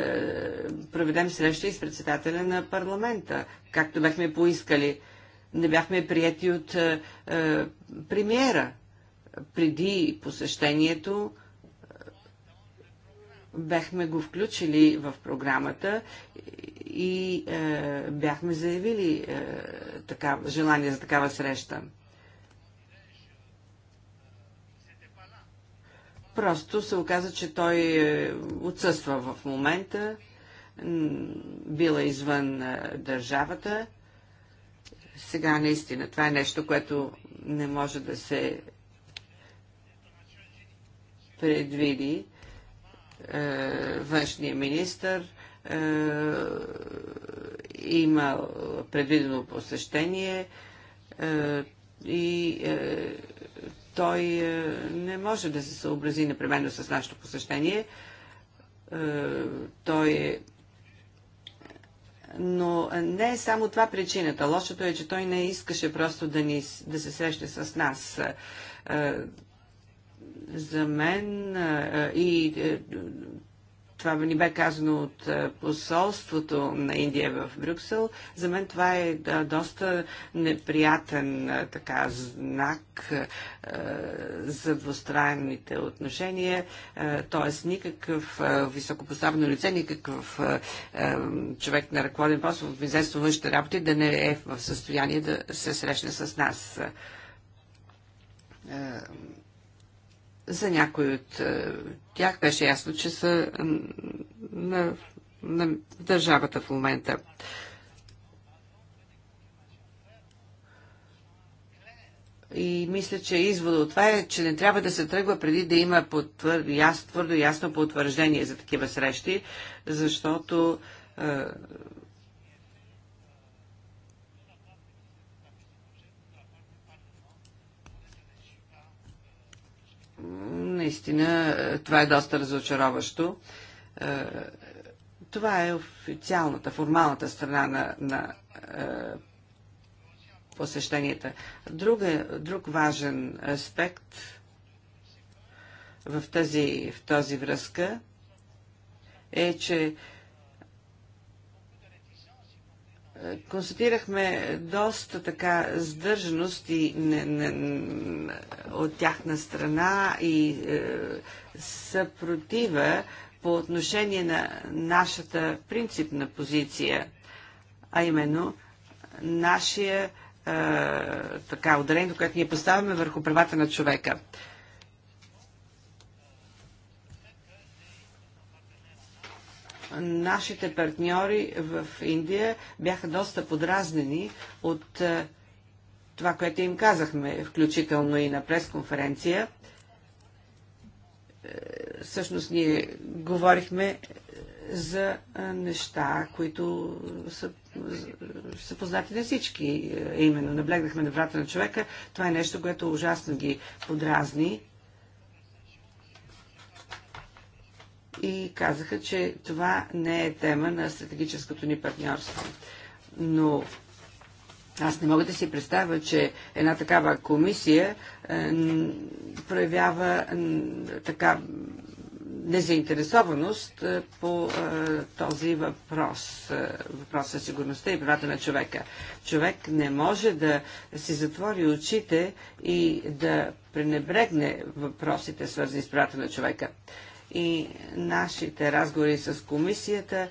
проведем среща и с председателя на парламента, както бяхме поискали. Не бяхме прияти от е, е премиера преди посещението е, бяхме го включили в програмата и е, бяхме заявили е, такава, желание за такава среща. Просто се оказа, че той е, отсъства в момента, била извън е, държавата. Сега наистина това е нещо, което не може да се предвиди е, външния министр. Е, има предвидено посещение е, и е, той е, не може да се съобрази непременно с нашето посещение. Е, той е но не е само това причината. Лошото е, че той не искаше просто да, ни, да се срещне с нас. Е, за мен и е, това ни бе казано от е, посолството на Индия в Брюксел. За мен това е доста неприятен е, така знак за двустранните отношения, т.е. никакъв е, високопоставено лице, никакъв човек на ръководен пост в Министерство външните работи да не е в състояние да се срещне с нас за някои от е, тях беше ясно, че са на, на държавата в момента. И мисля, че извода от това е, че не трябва да се тръгва преди да има потвър... яс, твърдо ясно потвърждение за такива срещи, защото е, наистина е, това е доста разочароващо. Е, това е официалната, формалната страна на, на е, посещенията. Друга, друг важен аспект в тази, в тази връзка е, че констатирахме доста така сдържаност и не, не, не, от тяхна страна и е, съпротива по отношение на нашата принципна позиция, а именно нашия е, така ударение, което ние поставяме върху правата на човека. нашите партньори в Индия бяха доста подразнени от е, това, което им казахме, включително и на пресконференция. Е, всъщност ние говорихме е, за неща, които са, са познати на всички. Именно наблегнахме на врата на човека. Това е нещо, което ужасно ги подразни и казаха, че това не е тема на стратегическото ни партньорство. Но аз не мога да си представя, че една такава комисия е, проявява е, така незаинтересованост е, по е, този въпрос, е, въпрос за сигурността и правата на човека. Човек не може да си затвори очите и да пренебрегне въпросите, свързани с правата на човека. Е, и нашите разговори с комисията, е,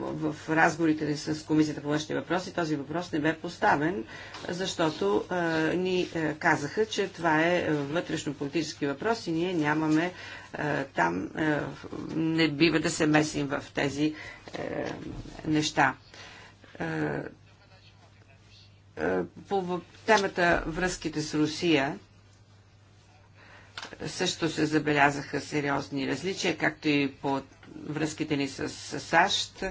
в разговорите ни с комисията по външни въпроси, този въпрос не бе поставен, защото е, ни е, казаха, че това е вътрешно-политически въпрос и ние нямаме там, не бива да се месим в тези неща по темата връзките с Русия, също се забелязаха сериозни различия, както и по връзките ни с, САЩ.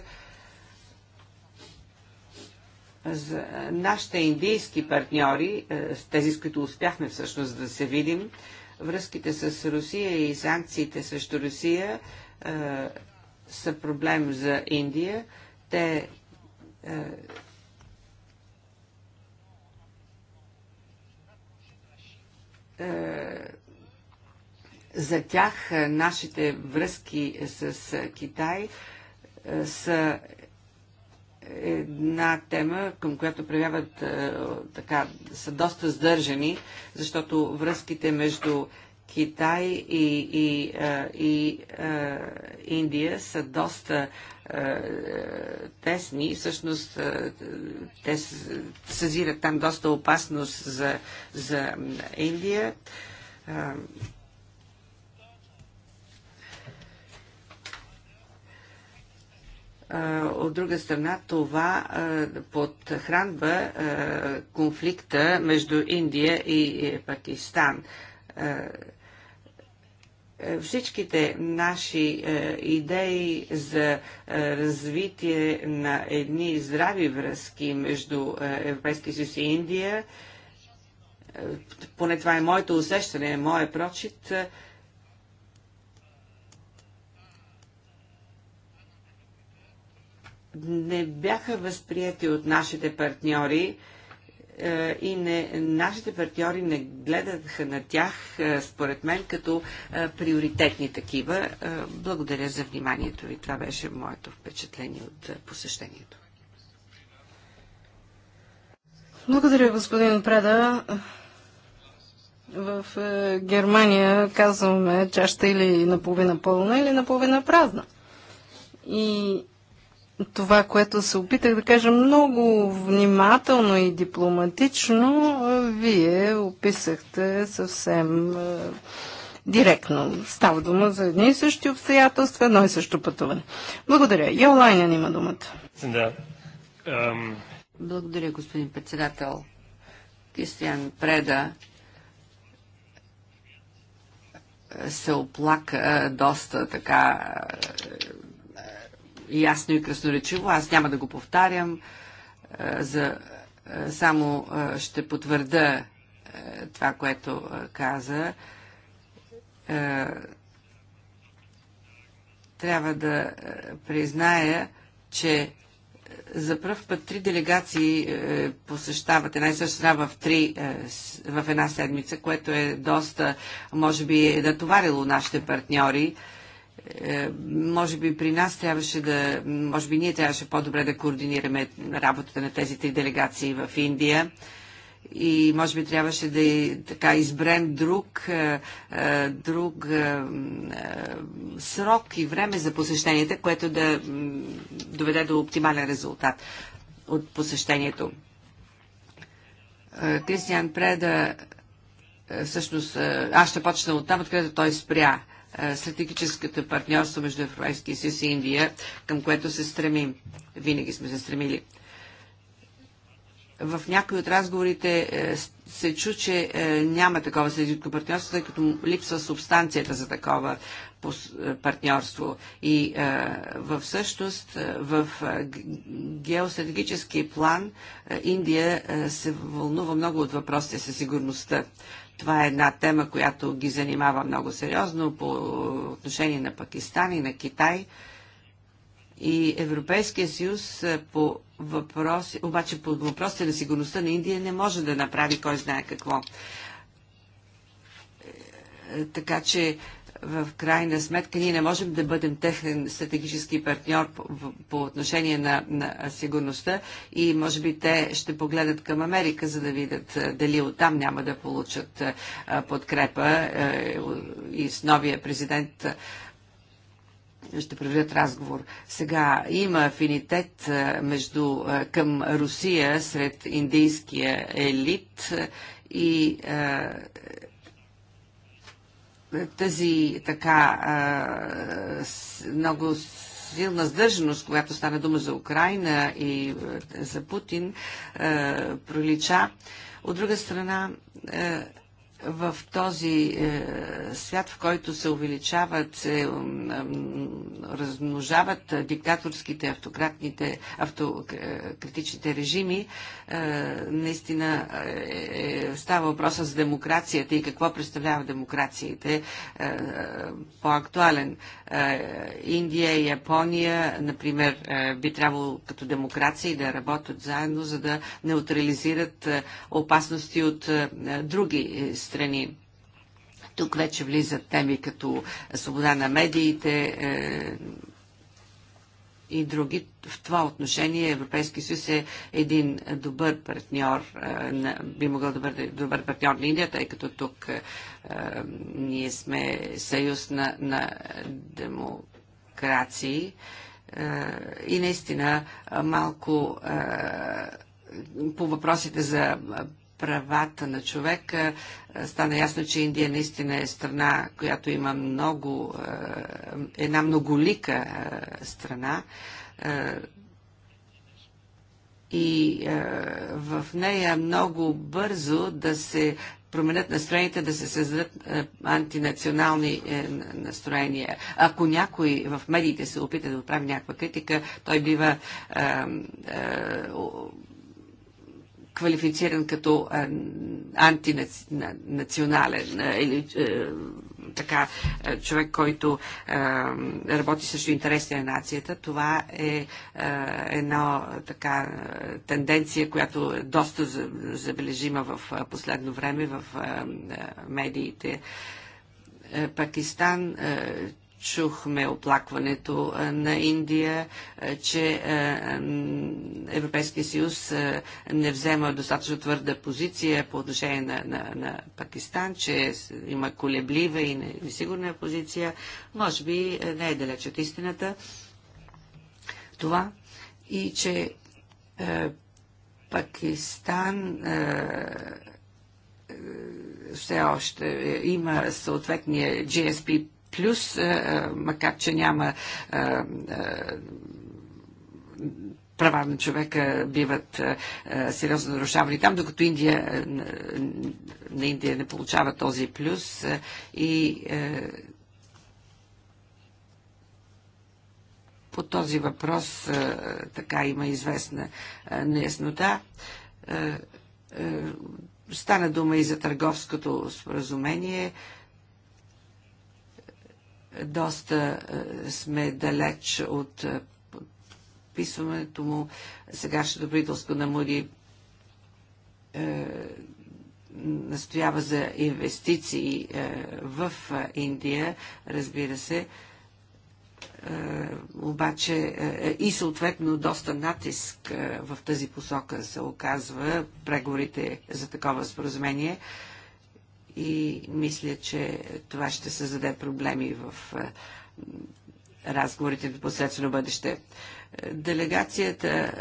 За нашите индийски партньори, е, тези с които успяхме всъщност да се видим, връзките с Русия и санкциите срещу Русия е, са проблем за Индия. Те е, е за тях е, нашите връзки е, с е, Китай са една тема, към която проявяват така, са доста сдържани, защото връзките между Китай и, и, и, и Индия са доста тесни. Всъщност те съзират там доста опасност за, за Индия. От друга страна, това подхранва конфликта между Индия и Пакистан всичките наши идеи за развитие на едни здрави връзки между Европейски Европейския съюз и Индия, поне това е моето усещане, е моят прочит, не бяха възприяти от нашите партньори е, и не, нашите партньори не гледаха на тях, е, според мен, като е, приоритетни такива. Благодаря за вниманието ви. Това беше моето впечатление от посещението. Благодаря, господин Преда. В Германия казваме чаща или наполовина пълна, или наполовина празна. И това, което се опитах да кажа много внимателно и дипломатично, вие описахте съвсем директно. Става дума за едни и същи обстоятелства, едно и също пътуване. Благодаря. Йолайнен има думата. Благодаря, господин председател. Кристиан Преда се оплака доста така ясно и красноречиво. Аз няма да го повтарям, е, за, е, само е, ще потвърда това, което каза. Трябва да призная, че за първ път три делегации е, посещават една и съща страна в, три, е, в една седмица, което е доста, може би, е натоварило нашите партньори. Е, е, може би при нас трябваше да, може би ние трябваше по-добре да координираме работата на тези три делегации в Индия и може би трябваше да така избрем друг, е, е, друг срок и време за посещенията, което да доведе до оптимален резултат от посещението. Кристиан Преда, всъщност, аз ще почна от там, откъдето той спря е, стратегическото партньорство между Европейския съюз и Индия, към което се стремим. Винаги сме се стремили. В някои от разговорите е, се чу, че е, няма такова стратегическо партньорство, тъй като липсва субстанцията за такова партньорство. И в същност, в геостратегически план, Индия се вълнува много от въпросите със сигурността. Това е една тема, която ги занимава много сериозно по отношение на Пакистан и на Китай. И Европейския съюз е, по въпроси, обаче по въпросите на сигурността на Индия не може да направи кой знае какво. Е, е, така че в крайна сметка ние не можем да бъдем техен стратегически партньор по, по отношение на, на сигурността и може би те ще погледат към Америка, за да видят дали оттам няма да получат подкрепа и с новия президент ще проведат разговор. Сега има афинитет между, към Русия сред индийския елит и тази така много силна сдържаност, която стана дума за Украина и за Путин, пролича. От друга страна, в този е, свят, в който се увеличават, се е, размножават диктаторските, автократните, автократичните е, режими, е, наистина е, е, става въпроса за демокрацията и какво представлява демокрациите е, по-актуален. Е, Индия и Япония, например, е, би трябвало като демокрации да работят заедно, за да неутрализират е, опасности от е, други е, страни страни. Тук вече влизат теми като свобода на медиите е, и други. В това отношение Европейски съюз е един добър партньор, е, би могъл да бъде добър партньор на Индия, тъй като тук е, ние сме съюз на, на демокрации. Е, и наистина малко е, по въпросите за правата на човека. Е, стана ясно, че Индия наистина е страна, която има много, е, една многолика е, страна. И в нея много бързо да се променят настроените, да се създадат антинационални настроения. Ако някой в медиите се опита да отправи някаква критика, той бива квалифициран като антинационален или така човек, който работи срещу интересите на нацията. Това е една така тенденция, която е доста забележима в последно време в медиите. Е, Пакистан, е, чухме оплакването на Индия, че Европейския съюз не взема достатъчно твърда позиция по отношение на, на, на Пакистан, че има колеблива и несигурна позиция. Може би не е далеч от истината това и че Пакистан все още е, има съответния GSP плюс, е, е, макар че няма е, права на човека биват сериозно нарушавани там, докато Индия, на Индия не получава този плюс и по този въпрос така има известна неяснота. Стана дума и за търговското споразумение доста е, сме далеч от е, подписването му. Сегашното правителство на Муди е, настоява за инвестиции в Индия, разбира се, обаче и съответно доста натиск в тази посока се оказва преговорите за такова споразумение и мисля, че това ще създаде проблеми в е, разговорите в последствено бъдеще. Делегацията е,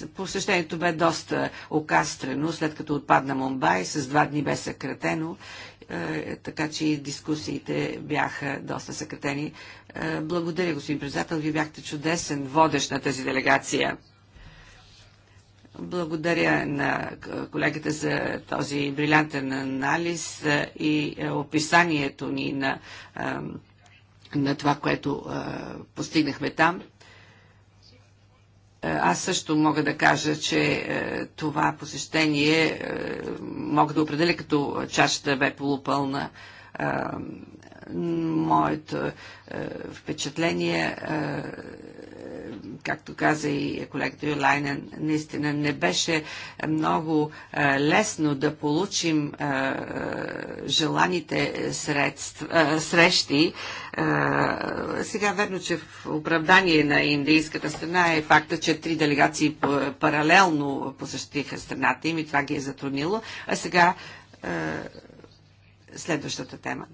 е, посещението бе доста окастрено, след като отпадна Мумбай, с два дни бе съкратено, така че и дискусиите бяха доста съкратени. Благодаря, господин председател, ви бяхте чудесен водещ на тази делегация. Благодаря на колегата за този брилянтен анализ и е, описанието ни на, на това, което постигнахме там. Е, аз също мога да кажа, че е, това посещение мога да определя като чашата бе полупълна моето е, впечатление, е, както каза и колегата Юлайнен, наистина не беше много е, лесно да получим желаните средства, срещи. Сега верно, че в оправдание на индийската страна е факта, че три делегации паралелно посещиха страната им и това ги е затруднило, а сега следващата тема.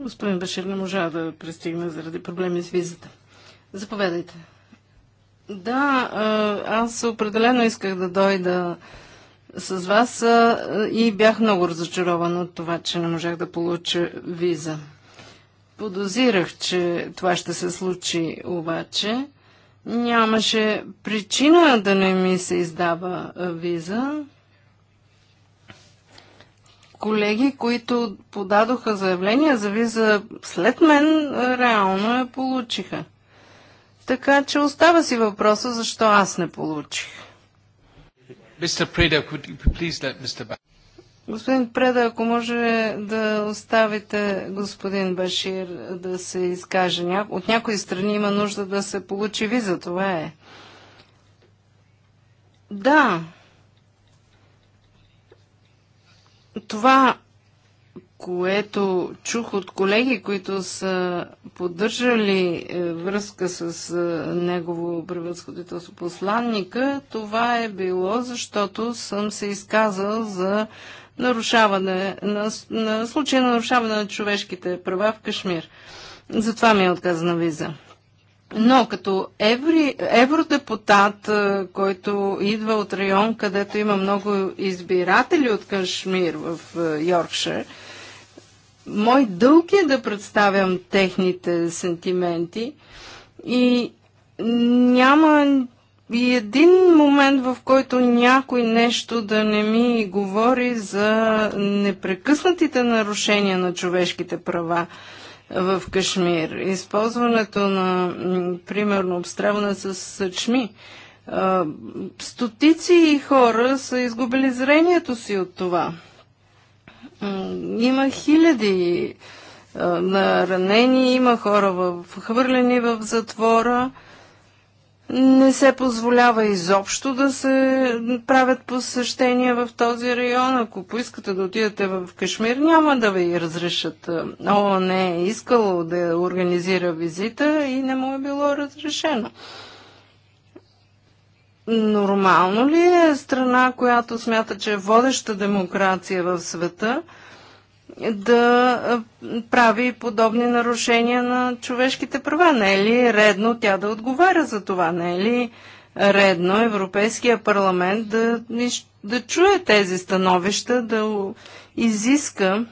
Господин Башир не можа да пристигне заради проблеми с визата. Заповядайте. Да, аз определено исках да дойда с вас и бях много разочарован от това, че не можах да получа виза. Подозирах, че това ще се случи, обаче нямаше причина да не ми се издава виза колеги, които подадоха заявления за виза след мен, реално я получиха. Така че остава си въпроса, защо аз не получих. Господин Преда, ако може да оставите господин Башир да се изкаже. От някои страни има нужда да се получи виза, това е. Да, Това, което чух от колеги, които са поддържали е, връзка с е, негово превъзходителство посланника, това е било, защото съм се изказал за нарушаване, на, на случая на нарушаване на човешките права в Кашмир. Затова ми е отказана виза. Но като еври, евродепутат, който идва от район, където има много избиратели от Кашмир в Йоркшир, мой дълг е да представям техните сентименти и няма и един момент, в който някой нещо да не ми говори за непрекъснатите нарушения на човешките права в Кашмир. Използването на, примерно, обстрелване с съчми. Стотици хора са изгубили зрението си от това. Има хиляди на ранени, има хора в, хвърлени в затвора. Не се позволява изобщо да се правят посещения в този район. Ако поискате да отидете в Кашмир, няма да ви разрешат. не е искало да организира визита и не му е било разрешено. Нормално ли е страна, която смята, че е водеща демокрация в света – да прави подобни нарушения на човешките права. Не е ли редно тя да отговаря за това? Не е ли редно Европейския парламент да, да чуе тези становища, да изиска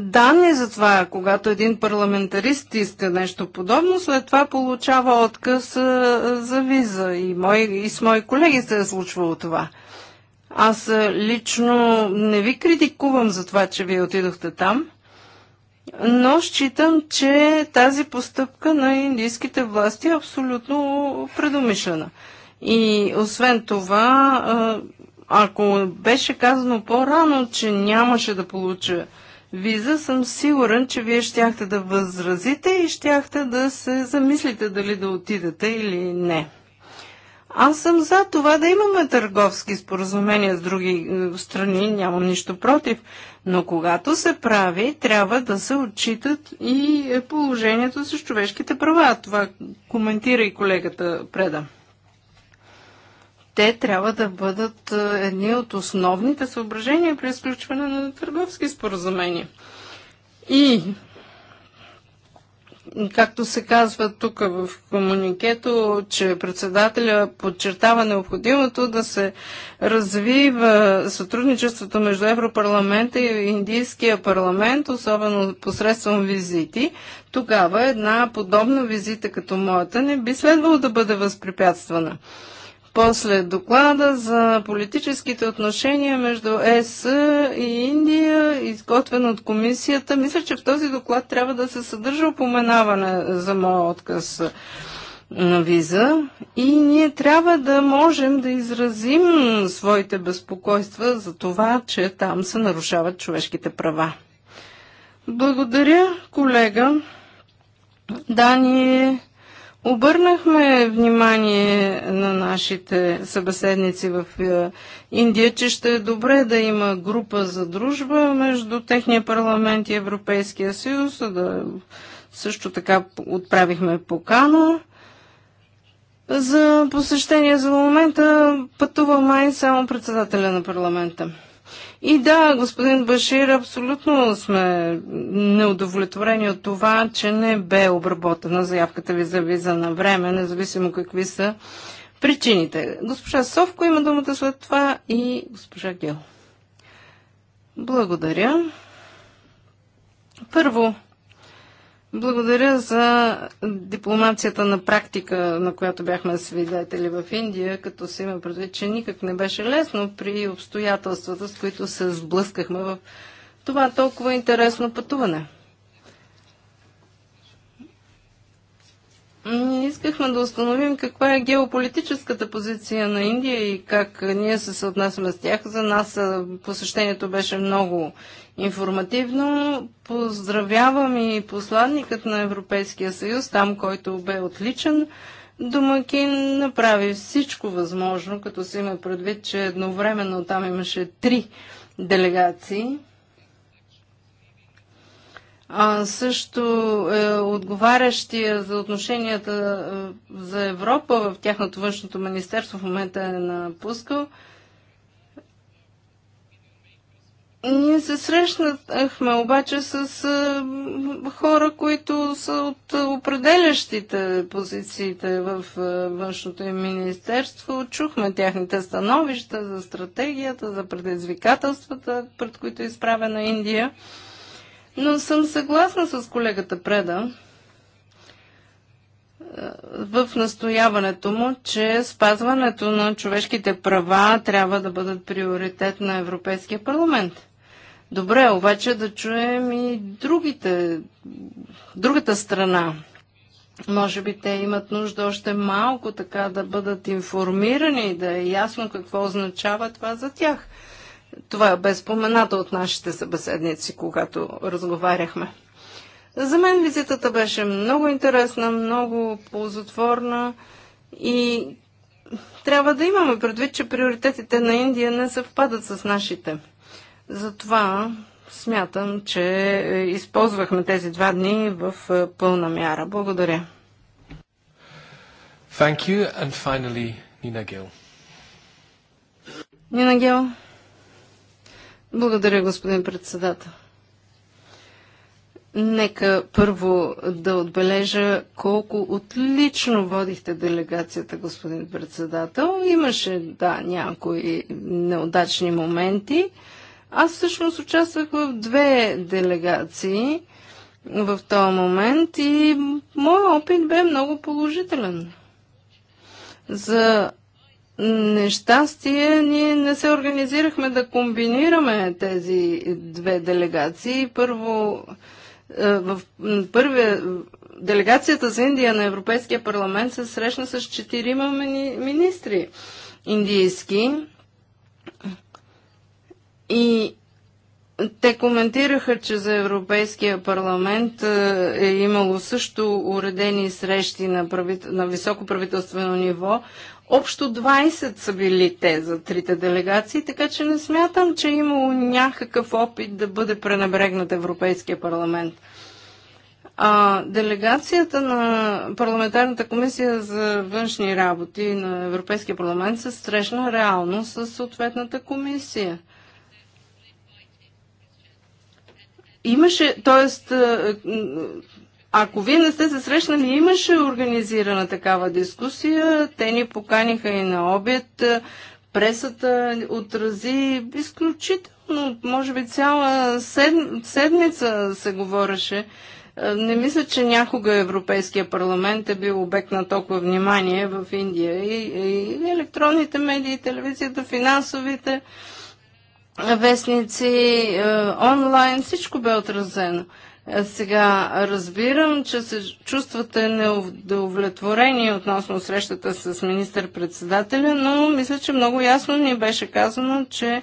данни за това, когато един парламентарист иска нещо подобно, след това получава отказ за виза. И, мой, и с мои колеги се е случвало това. Аз е, лично не ви критикувам за това, че вие отидохте там, но считам, че тази постъпка на индийските власти е абсолютно предумишлена. И освен това, е, ако беше казано по-рано, че нямаше да получа виза, съм сигурен, че вие щяхте да възразите и щяхте да се замислите дали да отидете или не. Аз съм за това да имаме търговски споразумения с други страни, нямам нищо против, но когато се прави, трябва да се отчитат и е, положението с човешките права. Това коментира и колегата Преда. Те трябва да бъдат е, едни от основните съображения при изключване на търговски споразумения. И Както се казва тук в комуникето, че председателя подчертава необходимото да се развива сътрудничеството между Европарламента и Индийския парламент, особено посредством визити, тогава една подобна визита като моята не би следвало да бъде възпрепятствана. После доклада за политическите отношения между ЕС и Индия, изготвен от комисията. Мисля, че в този доклад трябва да се съдържа упоменаване за моя отказ на виза и ние трябва да можем да изразим своите безпокойства за това, че там се нарушават човешките права. Благодаря, колега. Да, ние Обърнахме внимание на нашите събеседници в е, Индия, че ще е добре да има група за дружба между техния парламент и Европейския съюз. Да също така отправихме покана за посещение. За момента пътува май само председателя на парламента. И да, господин Башир, абсолютно сме неудовлетворени от това, че не бе обработена заявката ви за виза на време, независимо какви са причините. Госпожа Совко има думата след това и госпожа Гел. Благодаря. Първо, благодаря за дипломацията на практика, на която бяхме свидетели в Индия, като се има предвид, че никак не беше лесно при обстоятелствата, с които се сблъскахме в това толкова интересно пътуване. искахме да установим каква е геополитическата позиция на Индия и как ние се съотнасяме с тях. За нас посещението беше много информативно. Поздравявам и посланникът на Европейския съюз, там който бе отличен. Домакин направи всичко възможно, като се има предвид, че едновременно там имаше три делегации. А, също е, отговарящия за отношенията е, за Европа в тяхното външното министерство в момента е напускал. Ние се срещнахме обаче с а, хора, които са от определящите позициите в а, външното им министерство. Чухме тяхните становища за стратегията, за предизвикателствата, пред които е изправена Индия. Но съм съгласна с колегата Преда в настояването му, че спазването на човешките права трябва да бъдат приоритет на Европейския парламент. Добре, обаче да чуем и другите, другата страна. Може би те имат нужда още малко така да бъдат информирани и да е ясно какво означава това за тях. Това е безпомената от нашите събеседници, когато разговаряхме. За мен визитата беше много интересна, много ползотворна и трябва да имаме предвид, че приоритетите на Индия не съвпадат с нашите. Затова смятам, че използвахме тези два дни в е, пълна мяра. Благодаря. Thank you. And finally, Нина Гел. Нина Гел. Благодаря, господин председател. Нека първо да отбележа колко отлично водихте делегацията, господин председател. Имаше, да, някои неудачни моменти. Аз всъщност участвах в две делегации в този момент и моят опит бе много положителен. За нещастие ние не се организирахме да комбинираме тези две делегации. Първо, е, в първия делегацията за Индия на Европейския парламент се срещна с четирима министри индийски и те коментираха, че за Европейския парламент е, е имало също уредени срещи на, прави... на високо правителствено ниво. Общо 20 са били те за трите делегации, така че не смятам, че е имало някакъв опит да бъде пренебрегнат Европейския парламент. А, делегацията на парламентарната комисия за външни работи на Европейския парламент се срещна реално с съответната комисия – Имаше, т.е. Е, ако вие не сте се срещнали, имаше организирана такава дискусия. Те ни поканиха и на обед. Пресата отрази изключително, може би цяла седмица се говореше. Е, не мисля, че някога Европейския парламент е бил обект на толкова внимание в Индия. И, и електронните медии, и телевизията, финансовите вестници, е, онлайн, всичко бе отразено. Е, сега разбирам, че се чувствате неудовлетворени относно срещата с министър-председателя, но мисля, че много ясно ни беше казано, че е,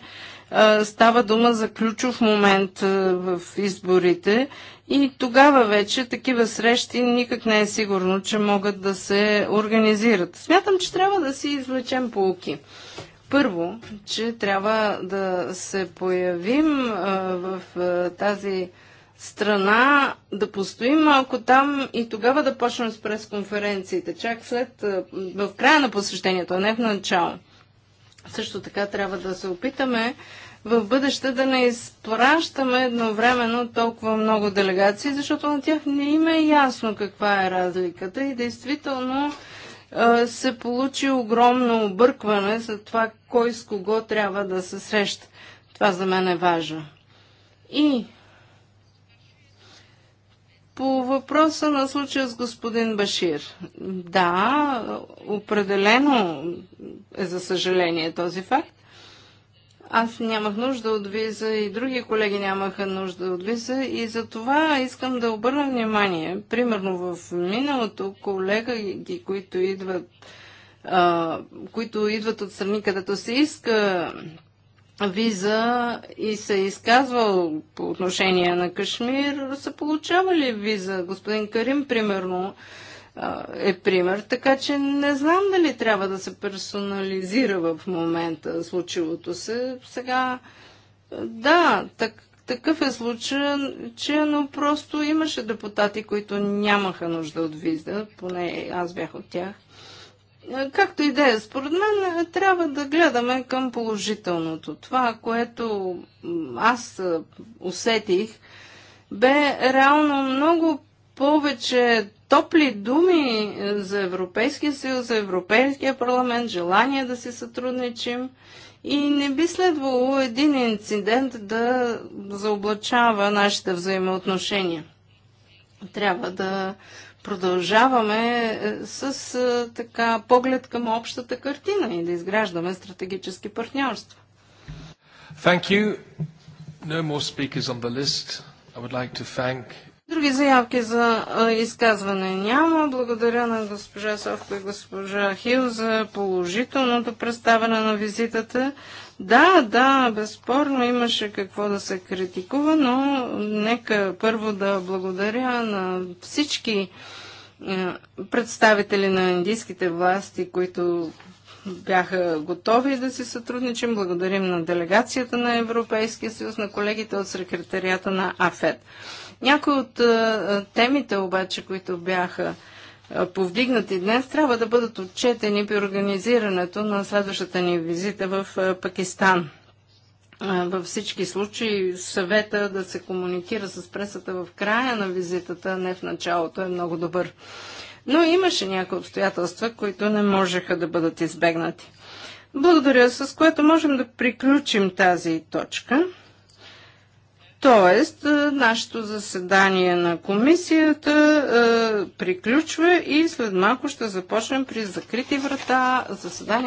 става дума за ключов момент в изборите и тогава вече такива срещи никак не е сигурно, че могат да се организират. Смятам, че трябва да си извлечем полки. Първо, че трябва да се появим в тази страна, да постоим малко там и тогава да почнем с пресконференциите, чак след, в края на посещението, а не в начало. Също така трябва да се опитаме в бъдеще да не изпращаме едновременно толкова много делегации, защото на тях не им е ясно каква е разликата и действително се получи огромно объркване за това кой с кого трябва да се среща. Това за мен е важно. И по въпроса на случая с господин Башир. Да, определено е за съжаление този факт, аз нямах нужда от виза и други колеги нямаха нужда от виза и за това искам да обърна внимание. Примерно в миналото колега, които идват, а, които идват от страни, където се иска виза и се е изказвал по отношение на Кашмир, са получавали виза. Господин Карим, примерно, е пример, така че не знам дали трябва да се персонализира в момента случилото се. Сега, да, так, такъв е случай, че, но просто имаше депутати, които нямаха нужда от виза, поне аз бях от тях. Както и да е, според мен е, трябва да гледаме към положителното. Това, което аз е, усетих, бе реално много повече топли думи е, за Европейския съюз, за Европейския парламент, желание да си сътрудничим. И не би следвало един инцидент да заоблачава нашите взаимоотношения. Трябва да продължаваме е, с е, така поглед към общата картина и да изграждаме стратегически партньорства. Thank you. No more speakers on the list. I would like to thank Други заявки за изказване няма. Благодаря на госпожа Совко и госпожа Хил за положителното представяне на визитата. Да, да, безспорно имаше какво да се критикува, но нека първо да благодаря на всички представители на индийските власти, които бяха готови да си сътрудничим. Благодарим на делегацията на Европейския съюз, на колегите от секретарията на АФЕД. Някои от е, е, темите обаче, които бяха е, повдигнати днес, трябва да бъдат отчетени при организирането на следващата ни визита в Пакистан. Във всички случаи съвета да се комуникира с пресата в края на визитата, не в началото, е много добър. Но имаше някои обстоятелства, които не можеха да бъдат избегнати. Благодаря, с което можем да приключим тази точка. Тоест, нашето заседание на комисията приключва и след малко ще започнем при закрити врата заседание.